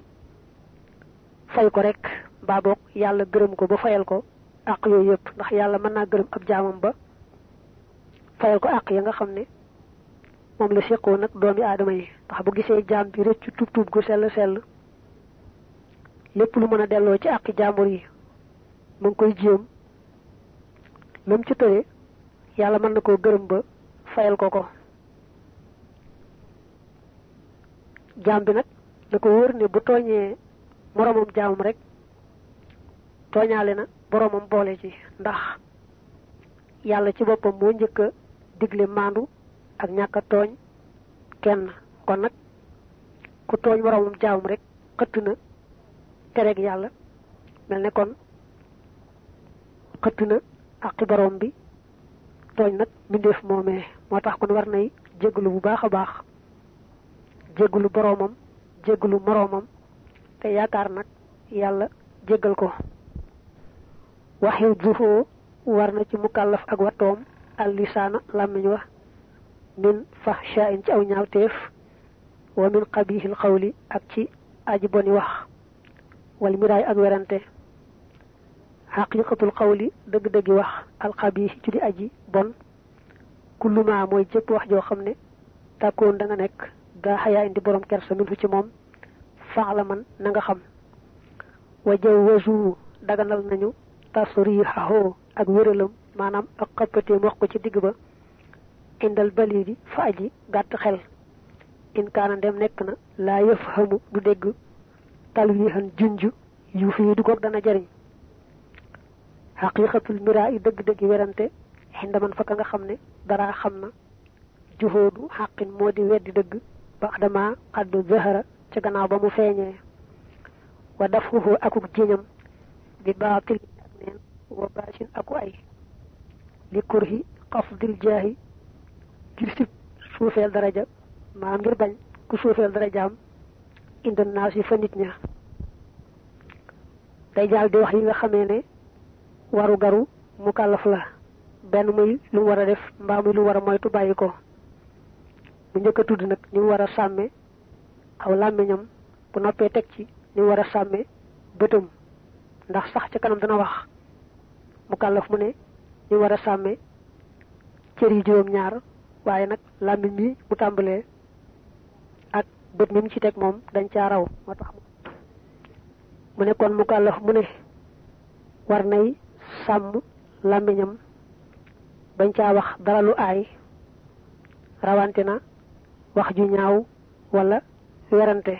fay ko rek mbaa yàlla gërëm ko ba fayal ko àq yooyu yëpp ndax yàlla mën naa gërëm ak jaamam ba fayal ko àq ya nga xam ne moom la séqoo nag doomi aadama yi ndax bu gisee jaam bi rëccu tuub tuub gu sell sell lépp lu mën a delloo ci àqi jaambur yi mu ngi koy jéem lam ci tëree yàlla mën na koo gërëm ba fayal ko ko jaam bi nag da ko wóor ne bu tooñee moroomam jaamam rek tooñale na boroomam boole ci ndax yàlla ci boppam moo njëkk a digle maandu ak ñàkk tooñ kenn kon nag ku tooñ moroomam jaamam rek xëtt na tereg yàlla mel ne kon xëtt na aqi boroom bi tooñ nag mbindeef moomee moo tax kon war nay jégalu bu baax a baax jégalu boroomam jégalu moroomam te yaakaar nag yàlla jéggal ko waxyu jufoo war na ci mukallaf ak wattoom al lisaana làmmiñ wa min fahshain ci aw ñaawteef wa min qabihil xawli ak ci aji boni wax wal miraay ak werante xaqiqatul xawli dëgg-dëggi wax al qabih ci di aji bon kulluma mooy jëpp wax joo xam ne tàkkoon da nga nekk gaa xayaa indi borom kersa minhu ci moom faala man na nga xam wajawazu daganal nañu tasrihahu ak wéralam maanaam ak xëppateem wax ko ci digg ba indal bali bi fa aji gàtt xel in kaana ndem nekk na laa yafhamu du dégg talwihan junj yu fii du ko dana jariñ xaqiqatul miraa yi dëgg-dëgg werante xindaman fa ka nga xam ne dara xam na juhóodu xaqin moo di di dëgg ba adama addu zahara ci gannaaw ba mu feeñee wa dafuhu akuk jiñam bi baatil ak neen wa baasin aku ay li kurhi qasdil jaahi ngir sib suufeel daraja maam ngir bañ ku suufeel darajaam indi naas yi fa nit ña day jaal di wax yi nga xamee ne waru mu kàllaf la benn muy lu war a def mbaa muy lu war a moytu bàyyi ko bu njëkk a tudd nag ñu war a sàmme aw làmmiñam bu noppee teg ci ni war a sàmme bëtam ndax sax ca kanam dana wax mu kàllaf mu ne ni war a sàmme cër yi juróom-ñaar waaye nag làmmiñ mi mu tàmbalee ak bët mi mu ci teg moom dañ caa raw moo tax mu ne kon mu kàllaf mu ne war nay sàmm làmmiñam bañ caa wax dara lu aay rawante na wax ju ñaaw walla werante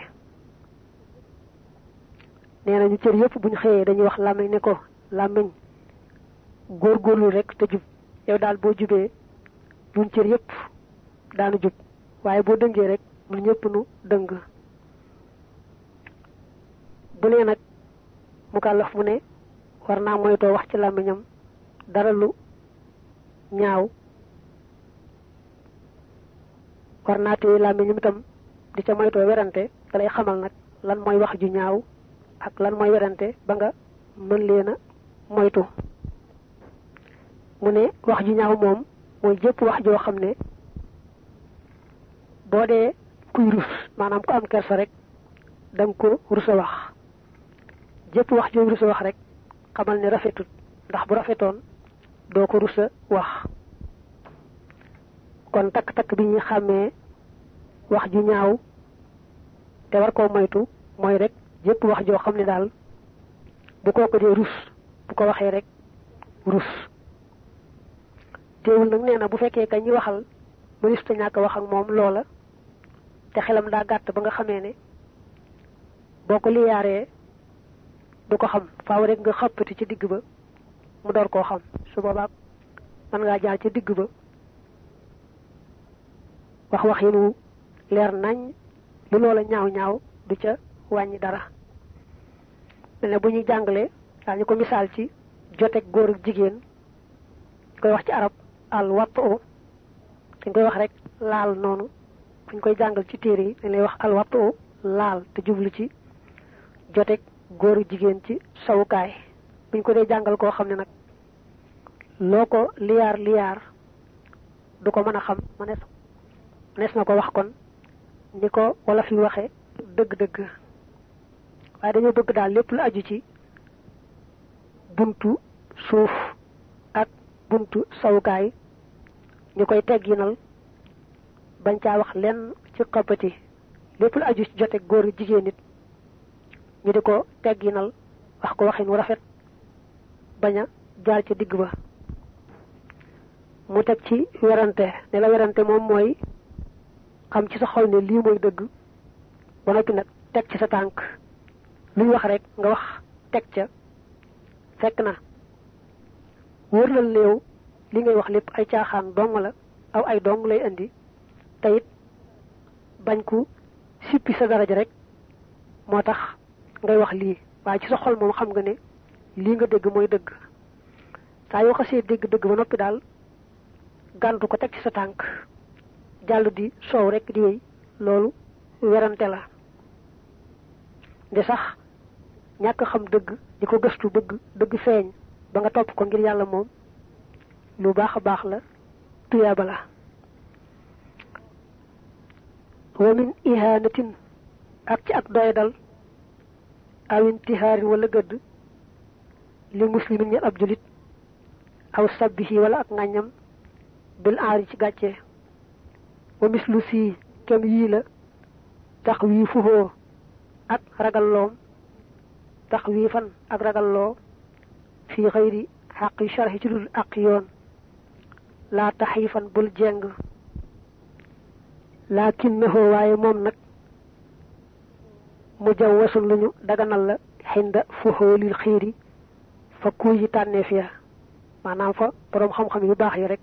nee nañu cër yëpp buñ xëyee dañuy wax làmmiñ ne ko làmmiñ góorgóorlu rek te jub yow daal boo jubee ñun cër yëpp daanu jub waaye boo dëngee rek ñun ñëpp nu dëng bu nee nag mu kàllaf mu ne war naa moytoo wax ci làmmiñam dara lu ñaaw war naa téye làmmiñam tam di ca moytoo werante da xamal nag lan mooy wax ju ñaaw ak lan mooy werante ba nga mën leen a moytu mu ne wax ju ñaaw moom mooy jëpp wax joo xam ne boo dee kuy rus maanaam ku am kersa rek da ko rusa wax jëpp wax joo rusa wax rek xamal ne rafetut ndax bu rafetoon doo ko rusa wax kon takk-takk bi ñuy xàmmee wax ju ñaaw te war koo moytu mooy rek jëpp wax joo xam ne daal bu koo ko dee rus bu ko waxee rek rus teewul nag nee na bu fekkee ka ñi waxal mënis ta ñàkk wax ak moom loola te xelam daa gàtt ba nga xamee ne boo ko liyaaree du ko xam faaw nga xàppati ci digg ba mu door koo xam su boobaa mën ngaa jaar ci digg ba wax wax leer nañ lu loola ñaaw-ñaaw du ca wàññi dara mel ne bu ñuy jàngale daañu ko misaal ci joteeg góor ak jigéen koy wax ci arab al wattu dañ koy wax rek laal noonu buñ koy jàngal ci téere yi dañ lay wax al wattu laal te jublu ci joteeg góor ak jigéen ci sawukaay buñ ko dee jàngal koo xam ne nag loo ko liyaar liyaar du ko mën a xam mënees mënees na ko wax kon ni ko wala fi waxe dëgg-dëgg waaye dañoo bëgg daal lépp lu aju ci buntu suuf ak buntu sawukaay ñu koy tegginal bañ caa wax lenn ci xappati lépp lu aju ci jote góor jigéen nit ñu di ko tegginal wax ko waxin rafet bañ a jaar ca digg ba mu teg ci werante ne la werante moom mooy xam ci sa xol ne lii mooy dëgg ba noppi nag teg ci sa tànk lu ñu wax rek nga wax teg ca fekk na wër na léew li ngay wax lépp ay caaxaan dong la aw ay dong lay indi te it bañ ku sippi sa daraja rek moo tax ngay wax lii waaye ci sa xol moom xam nga ne lii nga dégg mooy dëgg saa yoo xasee dégg dëgg ba noppi daal gàntu ko teg ci sa tànk jàllu di soow rek di yëy loolu werante la de sax ñàkk xam dëgg di ko gëstu bëgg dëgg feeñ ba nga topp ko ngir yàlla moom lu baax a baax la tuyaaba la wa min ihaanatin ak ci ak doyadal aw intihaarin wala gëdd li muslimin ñel ab julit aw sabbihi wala ak ngàññam bil aari ci gàccee wa mislu sii kem yii la tax wii fuhoo ak ragalloom tax wii fan ak ragalloo fii xëyri xaqi sharxi ci dul ak yoon laa tax yi fan bul jeng laakin naxoo waaye moom nag mu jaw wasul lu ñu daganal la xinda fuxoolil xiiri fa kuuy yi tànneef ya maanaam fa boroom xam-xam yu baax yi rekk rek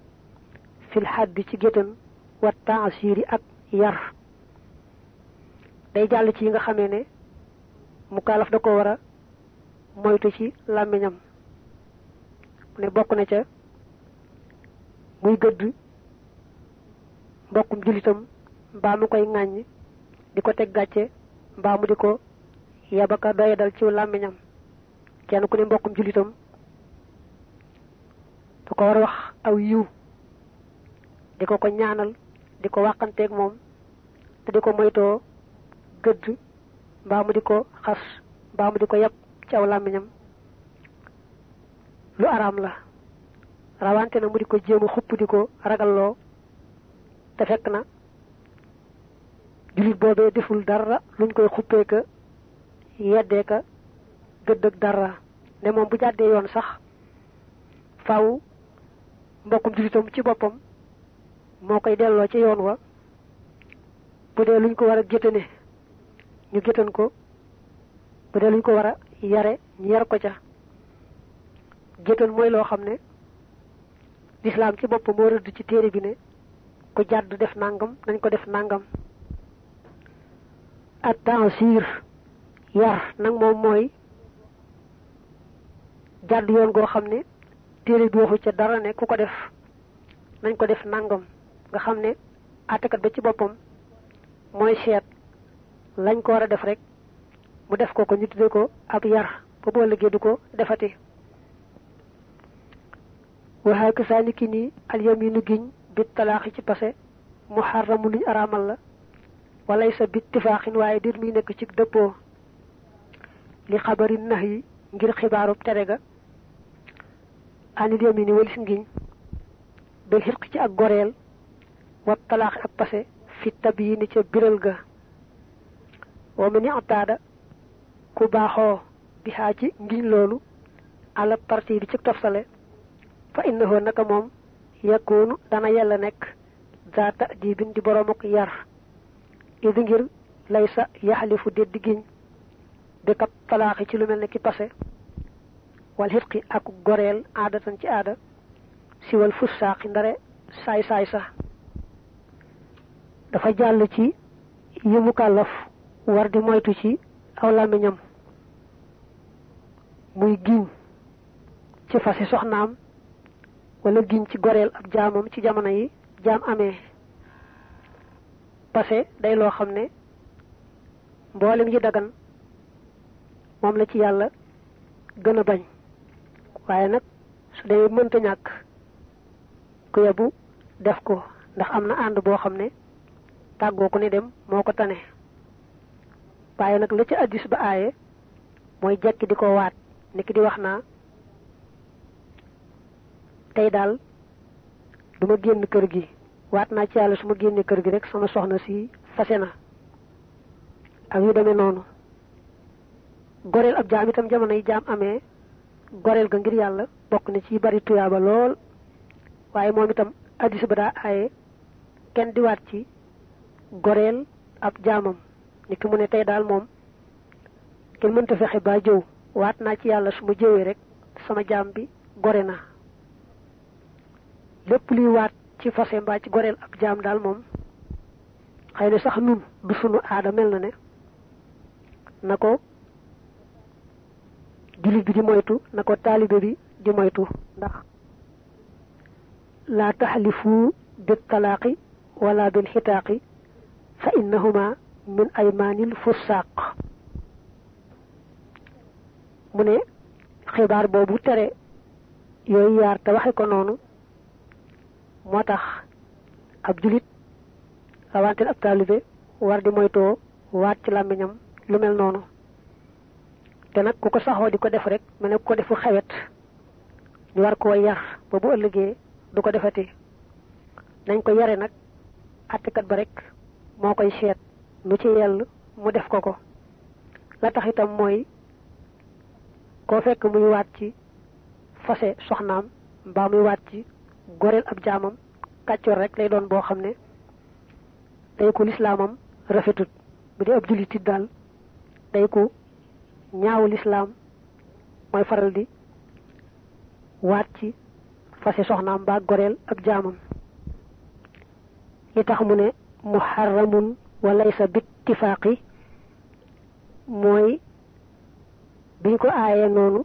fil xaddi ci géttan wa taasiri ak yar day jàll ci yi nga xamee ne mu mukaalaf da ko war a moytu ci làmmiñam mu ne bokk na ca muy gëdd mbokkum jullitam mbaa mu koy ŋàññ di ko teg gàcce mbaa mu di ko yabaka doya ci làmmiñam kenn ku ne mbokkum jullitam da ko war a wax aw yiw di ko ko ñaanal di ko wàqanteeg moom di ko moytoo gëdd mbaa mu di ko xas mbaa mu di ko yàpp ci aw làmmiñam lu araam la rawante na mu di ko jéem a xupp di ko ragalloo te fekk na jullit boobee deful dara luñ koy xuppee ka yeddee ka gëdd ak dara ne moom bu jàddee yoon sax faw mbokkum jullitam ci boppam moo koy delloo ci yoon wa bu dee luñ ko war a géttane ñu géttan ko bu dee luñ ko war a yare ñu yar ko ca géttan mooy loo xam ne lislaam ci boppam moo rëdd ci téere bi ne ku jàdd def nangam nañ ko def nangam at tansiir yar nag moom mooy jàdd yoon goo xam ne téere bi waxu ca dara ne ku ko def nañ ko def nangam nga xam ne àttekat ba ci boppam mooy seet lañ ko war a def rek mu def ko ko ñu tuddee ko ab yar ba boo liggéey du ko defati waxaay ko saa niki nii alyaminu giñ bi talaaxi ci pase mu luñ araamal la walay sa bit tifaaxin waaye dir muy nekk ci dëppoo li xabari nax yi ngir xibaarub tere ga anil yamini walis ngiñ ba xirq ci ak goreel wat talaax ak pase fi tab yi ni ca biral ga wa mu ni ataada ku baaxoo bi xaa ci ngiñ loolu ala parti bi ci tofsale fa innahu naka moom yakkoonu dana yàlla nekk zaata di boroom ak yar idi ngir lay sa yaxalifu déet di giñ bi kap ci lu mel ne ki pase wal xitqi ak goreel aadatan ci aada siwal fus saaxi ndare saay saay sa dafa jàll ci yi mu kàllaf war di moytu ci aw làmmiñam muy giñ ci fasi soxnaam wala giñ ci goreel ab jaamam ci jamono yi jaam amee passé day loo xam ne mboolem yi dagan moom la ci yàlla gën a bañ waaye nag su dee mënta ñàkk ku yebu def ko ndax am na ànd boo xam ne tàggoo ko ne dem moo ko tane waaye nag la ci addis ba aaye mooy jekki di ko waat ni ki di wax naa tey daal du ma génn kër gi waat naa ci yàlla suma ma génnee kër gi rek sama soxna si fase na ak yu demee noonu goreel ab jaam itam jamono yi jaam amee goreel ga ngir yàlla bokk na ci bari tuyaaba lool waaye moom itam addis ba daa aaye kenn di waat ci goreel ab jaamam ni ki mu ne tey daal moom kenn mënta fexe ba jëw waat naa ci yàlla suma ma jëwee rek sama jaam bi gore na lépp luy waat ci fase mbaa ci goreel ab jaam daal moom xëy na sax nun du sunu aada mel na ne na ko jullit bi di moytu na ko taalibe bi di moytu ndax laa taxlifu bi talaaqi wala bil xitaaqi fa innahuma min aymanil fusaq mu ne xibaar boobu tere yooyu yaar te waxe ko noonu moo tax ab julit rawatina ab taalibe war di moytoo waat ci làmmiñam lu mel noonu te nag ku ko saxoo di ko def rek mu ne ku ko defu xewet ñu war koo yar ba bu ëllëgee du ko defati nañ ko yare nag àttekat ba rekk moo koy seet lu ci yell mu def ko ko la tax itam mooy koo fekk muy waat ci fase soxnaam mbaa muy waat ci goreel ab jaamam kàccoor rek lay doon boo xam ne day ko lislaamam rafetut bu dee ab jullitit daal day ko ñaawu lislaam mooy faral di waat ci fase soxnaam mbaa goreel ab jaamam li tax mu ne muharramun wa laysa bittifaaqi mooy biñ ko aayee noonu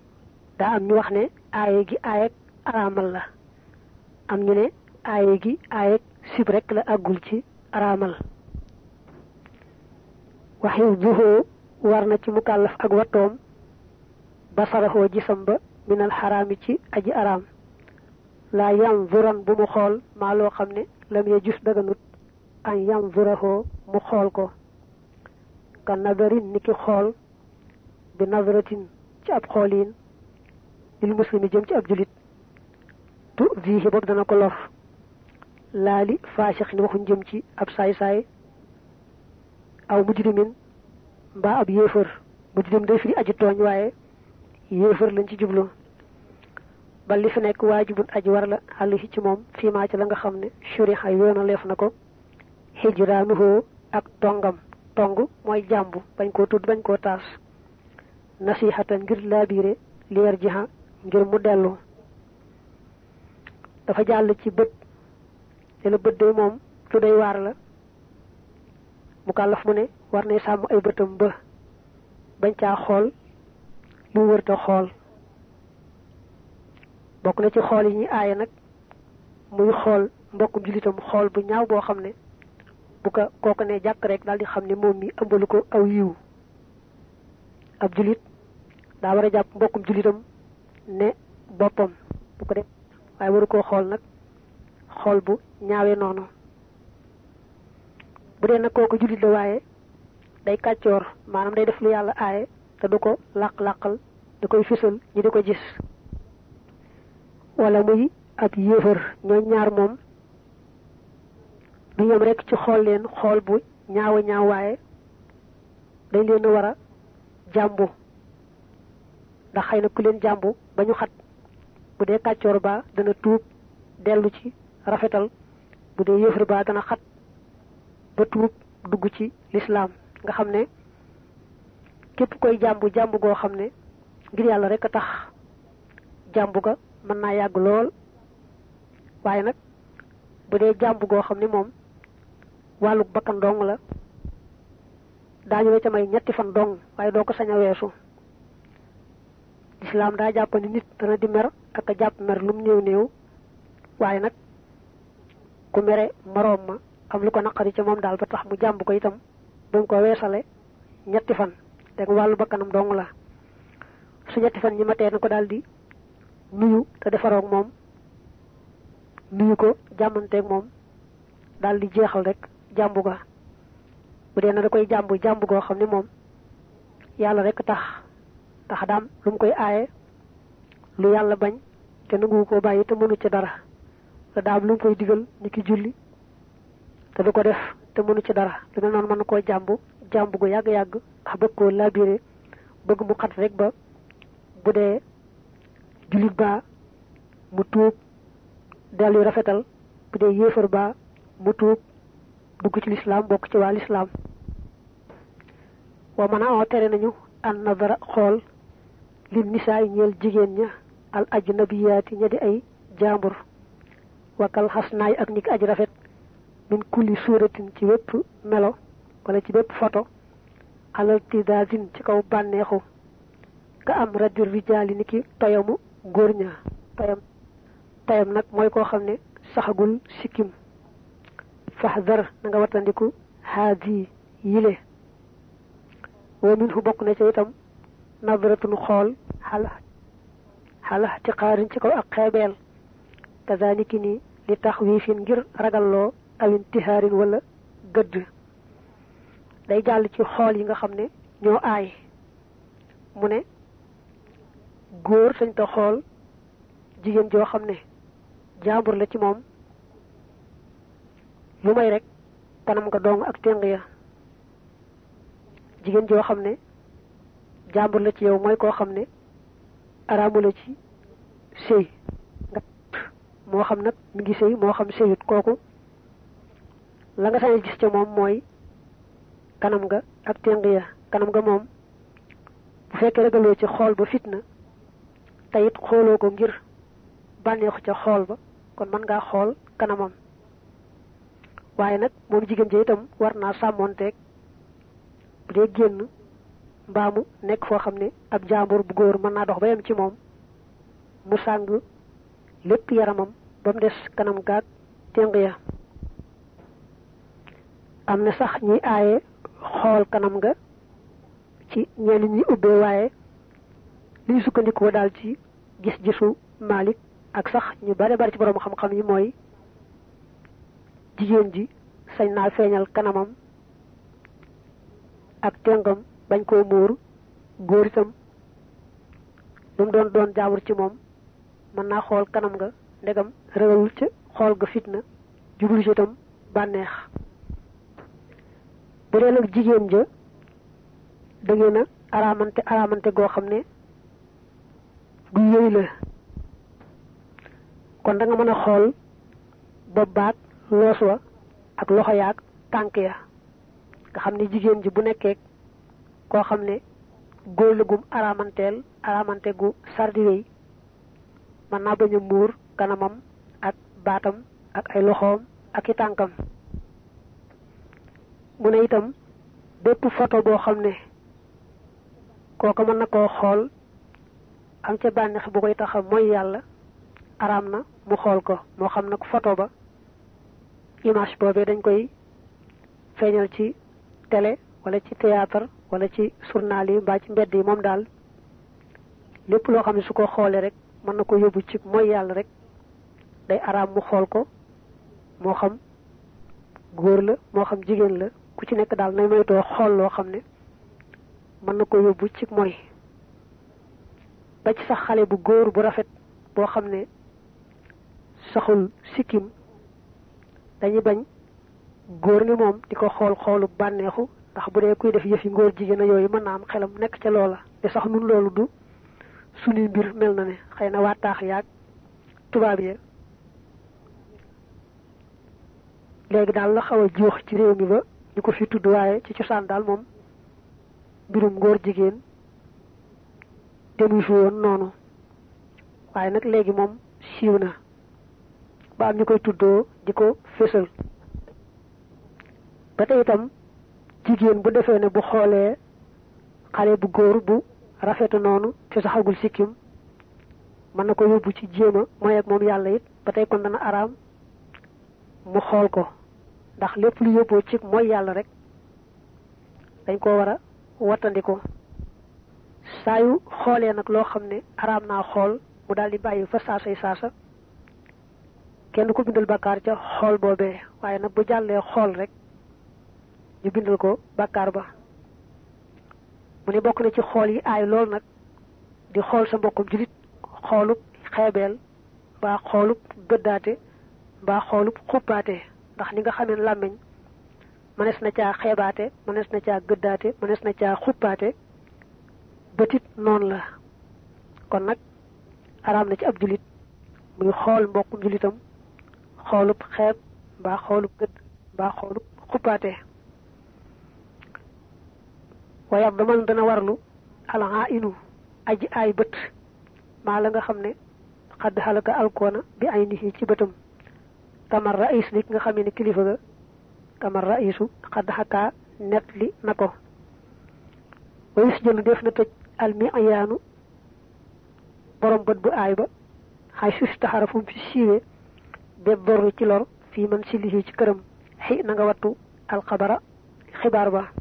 daa am ñu wax ne aaye gi aayeg araamal la am ñu ne aaye gi aayeg sib rek la àggul ci araamal waxi buhoo war na ci mukallaf ak wattoom ba saraxoo jisam ba minal xaraami ci aji araam laa yam vuran bu mu xool maa loo xam ne lam ya jus daganut an yanzurahu mu xool ko ka nazarin niki xool bi nazaratin ci ab xooliin lil muslimi jëm ci ab julit tu viihi boobu dana ko lof laali faasix ni waxuñ jëm ci ab saay-saay aw mujrimin mbaa ab yéefër mujrim day firi aji tooñ waaye yéefër lañ ci jublu ba li fi nekk waajibun aji war la xàll ci moom maa ci la nga xam ne shuri xay yoonaleef na ko xijraanuhu ak tongam tong mooy jàmb bañ koo tudd bañ koo taas nasihatan ngir laabiire leer jiha ngir mu dellu dafa jàll ci bët te la bët day moom lu day waar la mu kàllaf mu ne war nay sàmm ay bëtam ba bañ caa xool bu wërta xool bokk na ci xool yi ñuy aaya nag muy xool mbokkum jullitam xool bu ñaaw boo xam ne bu ko kooku ne jàkk rek daal di xam ne moom mi ëmbalu ko aw yiw ab julit daa war a jàpp mbokkum julitam ne boppam ko def waaye waru koo xool nag xool bu ñaawee noonu bu dee nag kooku julit la waaye day kàccoor maanaam day def lu yàlla aaye te du ko làq-làqal da koy fisal ñi di ko gis wala muy ab yéefar ñooy ñaar moom du yem rek ci xool leen xool bu ñaawa ñaaw waaye dañ leen war a jàmbu ndax xëy na ku leen jàmbu ba ñu xat bu dee kàccoor baa dana tuub dellu ci rafetal bu dee yéefar ba dana xat ba tuub dugg ci lislaam nga xam ne képp koy jàmbu jàmbu goo xam ne ngir yàlla rek a tax jàmbu ga mën naa yàgg lool waaye nag bu dee jàmbu goo xam ne moom wàllu bakkan dong la daañu la ca may ñetti fan dong waaye doo ko sañ a weesu lislaam daa jàpp ni nit dana di mer ak a jàpp mer lum néew néew waaye nag ku mere moroom ma am lu ko naqari ca moom daal ba tax mu jàmb ko itam bu mu ko weesale ñetti fan te wàllu bakkanam dong la su ñetti fan ñi matee na ko daal di nuyu te defaroog moom nuyu ko jàmmanteeg moom daal di jeexal rek jàmbu ga bu dee na da koy jàmbu jàmbu goo xam ne moom yàlla rek tax tax daam lu mu koy aaye lu yàlla bañ te nanguwu koo bàyyi te mënu ci dara te daam lu mu koy digal ni ki julli te du ko def te mënu ci dara lu mel noonu mën na koo jàmbu jàmbu gu yàgg-yàgg ndax bëgg koo labiré bëgg mu xat rek ba bu dee jullit baa mu tuub dellu rafetal bu dee yéefar baa mu tuub dugg ci lislaam bokk ci waa lislaam wa mën a oo tere nañu an nadara xool li nisaa yi jigéen ña al ajnabiyaati ña di ay jaambur wakal xas ak niki aj rafet min kulli suuratin ci wépp melo wala ci bépp photo alal tidazin ci kaw bànneexu ka am rajo rijaali ni toyamu góor ña toyam toyam nag mooy koo xam ne saxagul sikkim faxdar na nga wattandiku haadi yile wa min hu bokk na ca itam nadratun xool xala xala ci xaarin ci kaw ak xeebeel kazaliki ni li tax wiifin ngir ragalloo awin tihaarin wala gëdd day jàll ci xool yi nga xam ne ñoo aay mu ne góor sañ ta xool jigéen joo xam ne jaambur la ci moom lu may rek kanam nga dong ak téng ya jigéen joo xam ne jàmbur la ci yow mooy koo xam ne araamu la ci sëy moo xam nag mi ngi sëy moo xam sëyut kooku la nga sañ gis ca moom mooy kanam nga ak téng ya kanam nga moom bu fekkee ragaloo ci xool ba fitna te it xooloo ko ngir bànneexu ca xool ba kon mën ngaa xool kanamam waaye nag moom jigéen ji itam war naa sàmmoonteeg bu dee génn mbaamu nekk foo xam ne ab jaambur bu góor mën naa dox ba yem ci moom mu sàng lépp yaramam ba mu des kanam gaag téng ya am na sax ñuy aaye xool kanam ga ci ñenn ñi ubbee waaye li ñu sukkandikoo daal ci gis-gisu Malik ak sax ñu bare bari ci borom xam-xam yi mooy jigéen ji sañ naa feeñal kanamam ak tengam bañ koo muur góor itam lu mu doon doon jaamur ci moom mën naa xool kanam nga ndegam ragalul ca xool ga fitna jublu ci itam bànneex bu dee nag jigéen ja dëgg na araamante araamante goo xam ne du yëy la kon danga mën a xool ba baat loos wa ak loxo yaag tànk ya nga xam ne jigéen ji bu nekkee koo xam ne góor la gum aramanteel aramante gu sardiwey mën naa bañ a muur kanamam ak baatam ak ay loxoom ak i tànkam mu ne itam bépp photo boo xam ne kooka mën na koo xool am ca bànneex bu koy taxa mooy yàlla araam na mu xool ko moo xam nag photo ba image boobee dañ koy feeñal ci tele wala ci théâtre wala ci journal yi mbaa ci mbedd yi moom daal lépp loo xam ne su ko xoolee rek mën na ko yóbbu ci mooy yàlla rek day araam mu xool ko moo xam góor la moo jigéen la ku ci nekk daal nay moytoo xool loo xam ne mën na ko yóbbu ci ci sax xale bu góor bu rafet boo xam ne saxul sikkim dañuy bañ góor gi moom di ko xool xoolu bànneexu ndax bu dee koy def yëf yi ngóor jigéen a yooyu mën naa am xelam nekk ca loola te sax nun loolu du suñuy mbir mel na ne xëy na waa taax yaag tubaab ya léegi daal la xaw a ci réew mi ba ñu ko fi tudd waaye ci cosaan daal moom mbirum ngóor jigéen demu fi woon noonu waaye nag léegi moom siiw na ba am ñu koy tuddoo di ko fésal ba tey itam jigéen bu defee ne bu xoolee xale bu góor bu rafetu noonu te saxagul sikkim mën na ko yóbbu ci jéem a mooy ak moom yàlla it ba tey kon na araam mu xool ko ndax lépp lu yóbboo ci mooy yàlla rek dañ koo war a wattandiku saa yu xoolee nag loo xam ne araam naa xool mu daal di bàyyi fa saasay saasa kenn ko bindal bàkkaar ca xool boobee waaye nag bu jàllee xool rek ñu bindal ko bàkkaar ba mu ne bokk na ci xool yi aay lool nag di xool sa mbokkum julit xoolub xeebeel mbaa xoolub gëddaate mbaa xoolub xuppaate ndax ni nga xamee làmmiñ mënees na caa xeebaate mënees na caa gëddaate mënees na caa xuppaate bëtit noonu la kon nag araam na ci ab julit muy xool mbokkum julitam xoolub xeeb mbaa xoolub gëdd mbaa xoolub xuppaate waaye daman dana la nga xam ne xadd xalaka alkoona bi ay nit ci bëtam kamar raïs ni ki nga xam kilifa ga kamar raïsu xadd xakaa net na ko wayus jëlu def na tëj almi ayaanu borom bët bu aay ba xay sus taxara fu fi siiwee bebbaru ci lor fii man si lii ci këram xi na wattu alxabara xibaar ba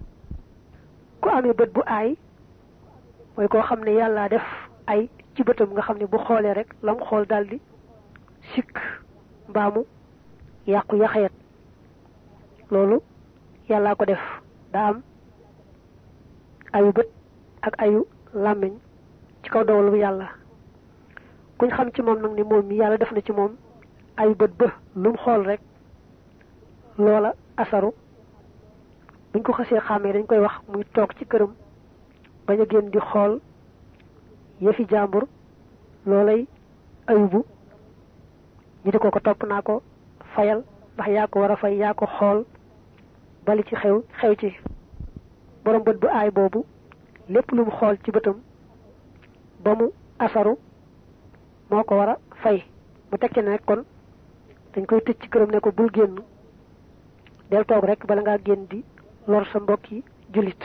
ku amee bët bu aay mooy koo xam ne yàlla def ay ci bëtam nga xam ne bu xoolee rek lam xool daldi sikk mbaamu yàqu yaxeet loolu yàllaa ko def daa am ayu bët ak ayu làmmiñ ci kaw dogalu yàlla kuñ xam ci moom nag ni moom mi yàlla def na ci moom ay bët ba lu xool rek loola asaru buñ ko xasee xàmmee dañ koy wax muy toog ci këram bañ a génn di xool yëfi jàmbur loolay ayubu ñu di ko ko topp naa ko fayal ndax yaa ko war a fay yaa ko xool bali ci xew xew ci borom bët bu aay boobu lépp lu xool ci bëtam ba mu asaru moo ko war a fay mu tekki ne kon dañ koy tëj ci këram ne ko bul génn del toog rek bala ngaa génn di lor sa mbokk yi jullit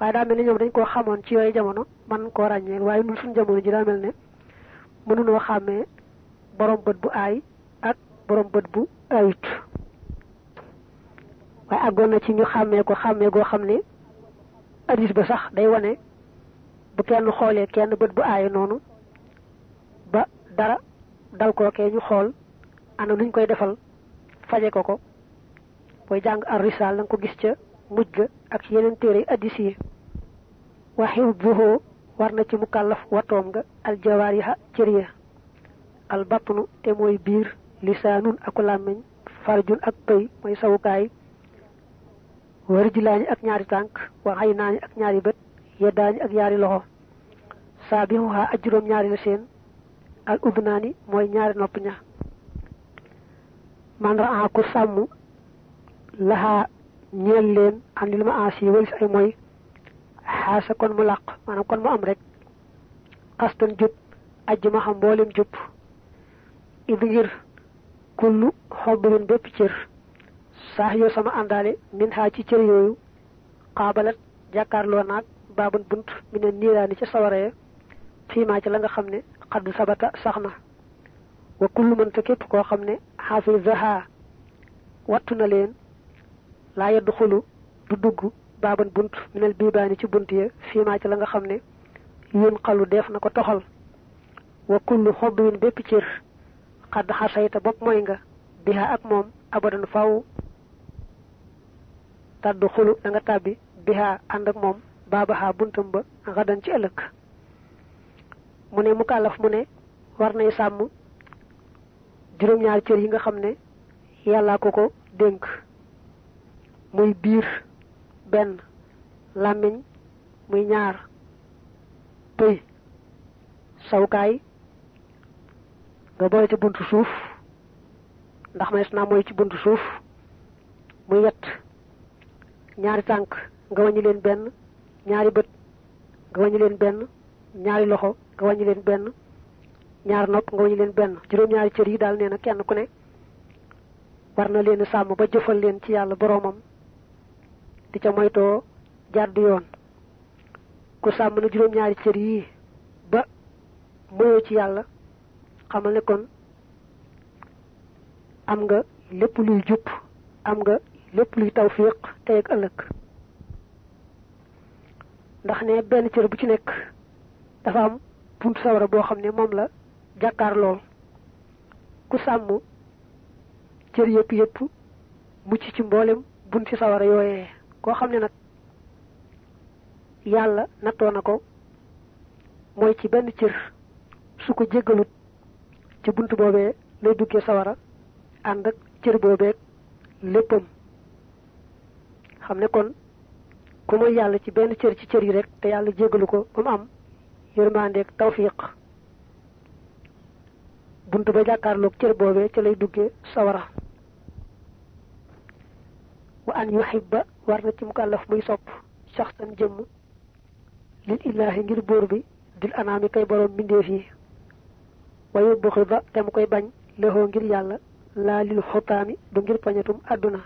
waaye daa mel ne ñoom dañ koo xamoon ci yooyu jamono man koo ràññeel waaye ñun suñu jamono ji daa mel ne mënunoo xàmmee borom bët bu aay ak borom bët bu aayut waaye àggoon na ci ñu xàmmee ko xàmmee goo xam ne addis ba sax day wane bu kenn xoolee kenn bët bu aay noonu ba dara dal kookee ñu xool ana nuñ koy defal faje ko ko mooy jàng ar risaal na ko gis ca mujj ga ak ci yeneen téere addis yi waxiw buhoo war na ci mu kàllaf watoom nga jabar yi cër ya albatnu te mooy biir lisaanun aku làmmiñ farjun ak pëy mooy sawukaay warjilaañi ak ñaari tànk waxay naani ak ñaari bët yeddaañi ak ñaari loxo saabihuha ak juróom ñaari la seen al ubnaani mooy ñaari nopp ña man raa ku sàmm laxaa ñeel leen an li ma aas yi walis ay mooy xaasa kon mu làq maanaam kon mu am rek xastan jub ajj ma xam mboolem jub indi ngir kullu xobbin bépp cër saax yoo sama àndaale min xaa ci cër yooyu xaabalat jàkkaarloo naag baabun bunt mi ne niiraani ca sawaree fiimaa ci la nga xam ne xadd sabata sax na wa kullu mënta képp koo xam ne xaafizaha wattu na leen laa yedd xulu du bunt ci bunt ya fiimaa la nga xam ne yun xalu def na ko toxal wa kullu xobbin bépp bopp mooy nga biha ak moom abadan faw tàddu xulu da tàbbi biha ànd ak moom baabaxaa buntam ba xadan ci ëllëg mu ne mukallaf mu ne war nay sàmm juróom-ñaari cër yi nga xam ne yàllaa ko ko dénk muy biir benn làmmiñ muy ñaar pëy sawkaay nga boole ci buntu suuf ndax manes naa mooy ci buntu suuf muy yett ñaari tànk nga wàññi leen benn ñaari bët nga wàññi leen benn ñaari loxo nga wàññi leen benn ñaar nopp nga wañu leen benn juróom-ñaari cër yi daal nee na kenn ku ne war na leen sàmm ba jëfal leen ci yàlla boroomam di ca moytoo jàddu yoon ku sàmm na juróom-ñaari cër yi ba moyoo ci yàlla xamal ne kon am nga lépp luy jub am nga lépp luy tawfiq tey ak ëllëg ndax ne benn cër bu ci nekk dafa am buntu sawara boo xam ne moom la jàkkaarloo ku sàmm cër yëpp yëpp mucc ci mboolem ci sawara yooyee koo xam ne nag yàlla nattoo na ko mooy ci benn cër su ko jéggalut ci bunt boobee lay duggee sawara ànd ak cër boobeeg léppam xam ne kon ku mooy yàlla ci benn cër ci cër yi rek te yàlla jéggalu ko ba am yërmandeeg tawfiq bunt ba jàkkaarloog cër boobee ca lay duggee sawara wa an yuhibba war na ci mukallaf muy sopp saxsan jëmm lil illaahi ngir buur bi dil anaami kay boroom mbindeef yi wa yubxida te mu koy bañ lëxoo ngir yàlla laa lil xotaami du ngir pañatum àdduna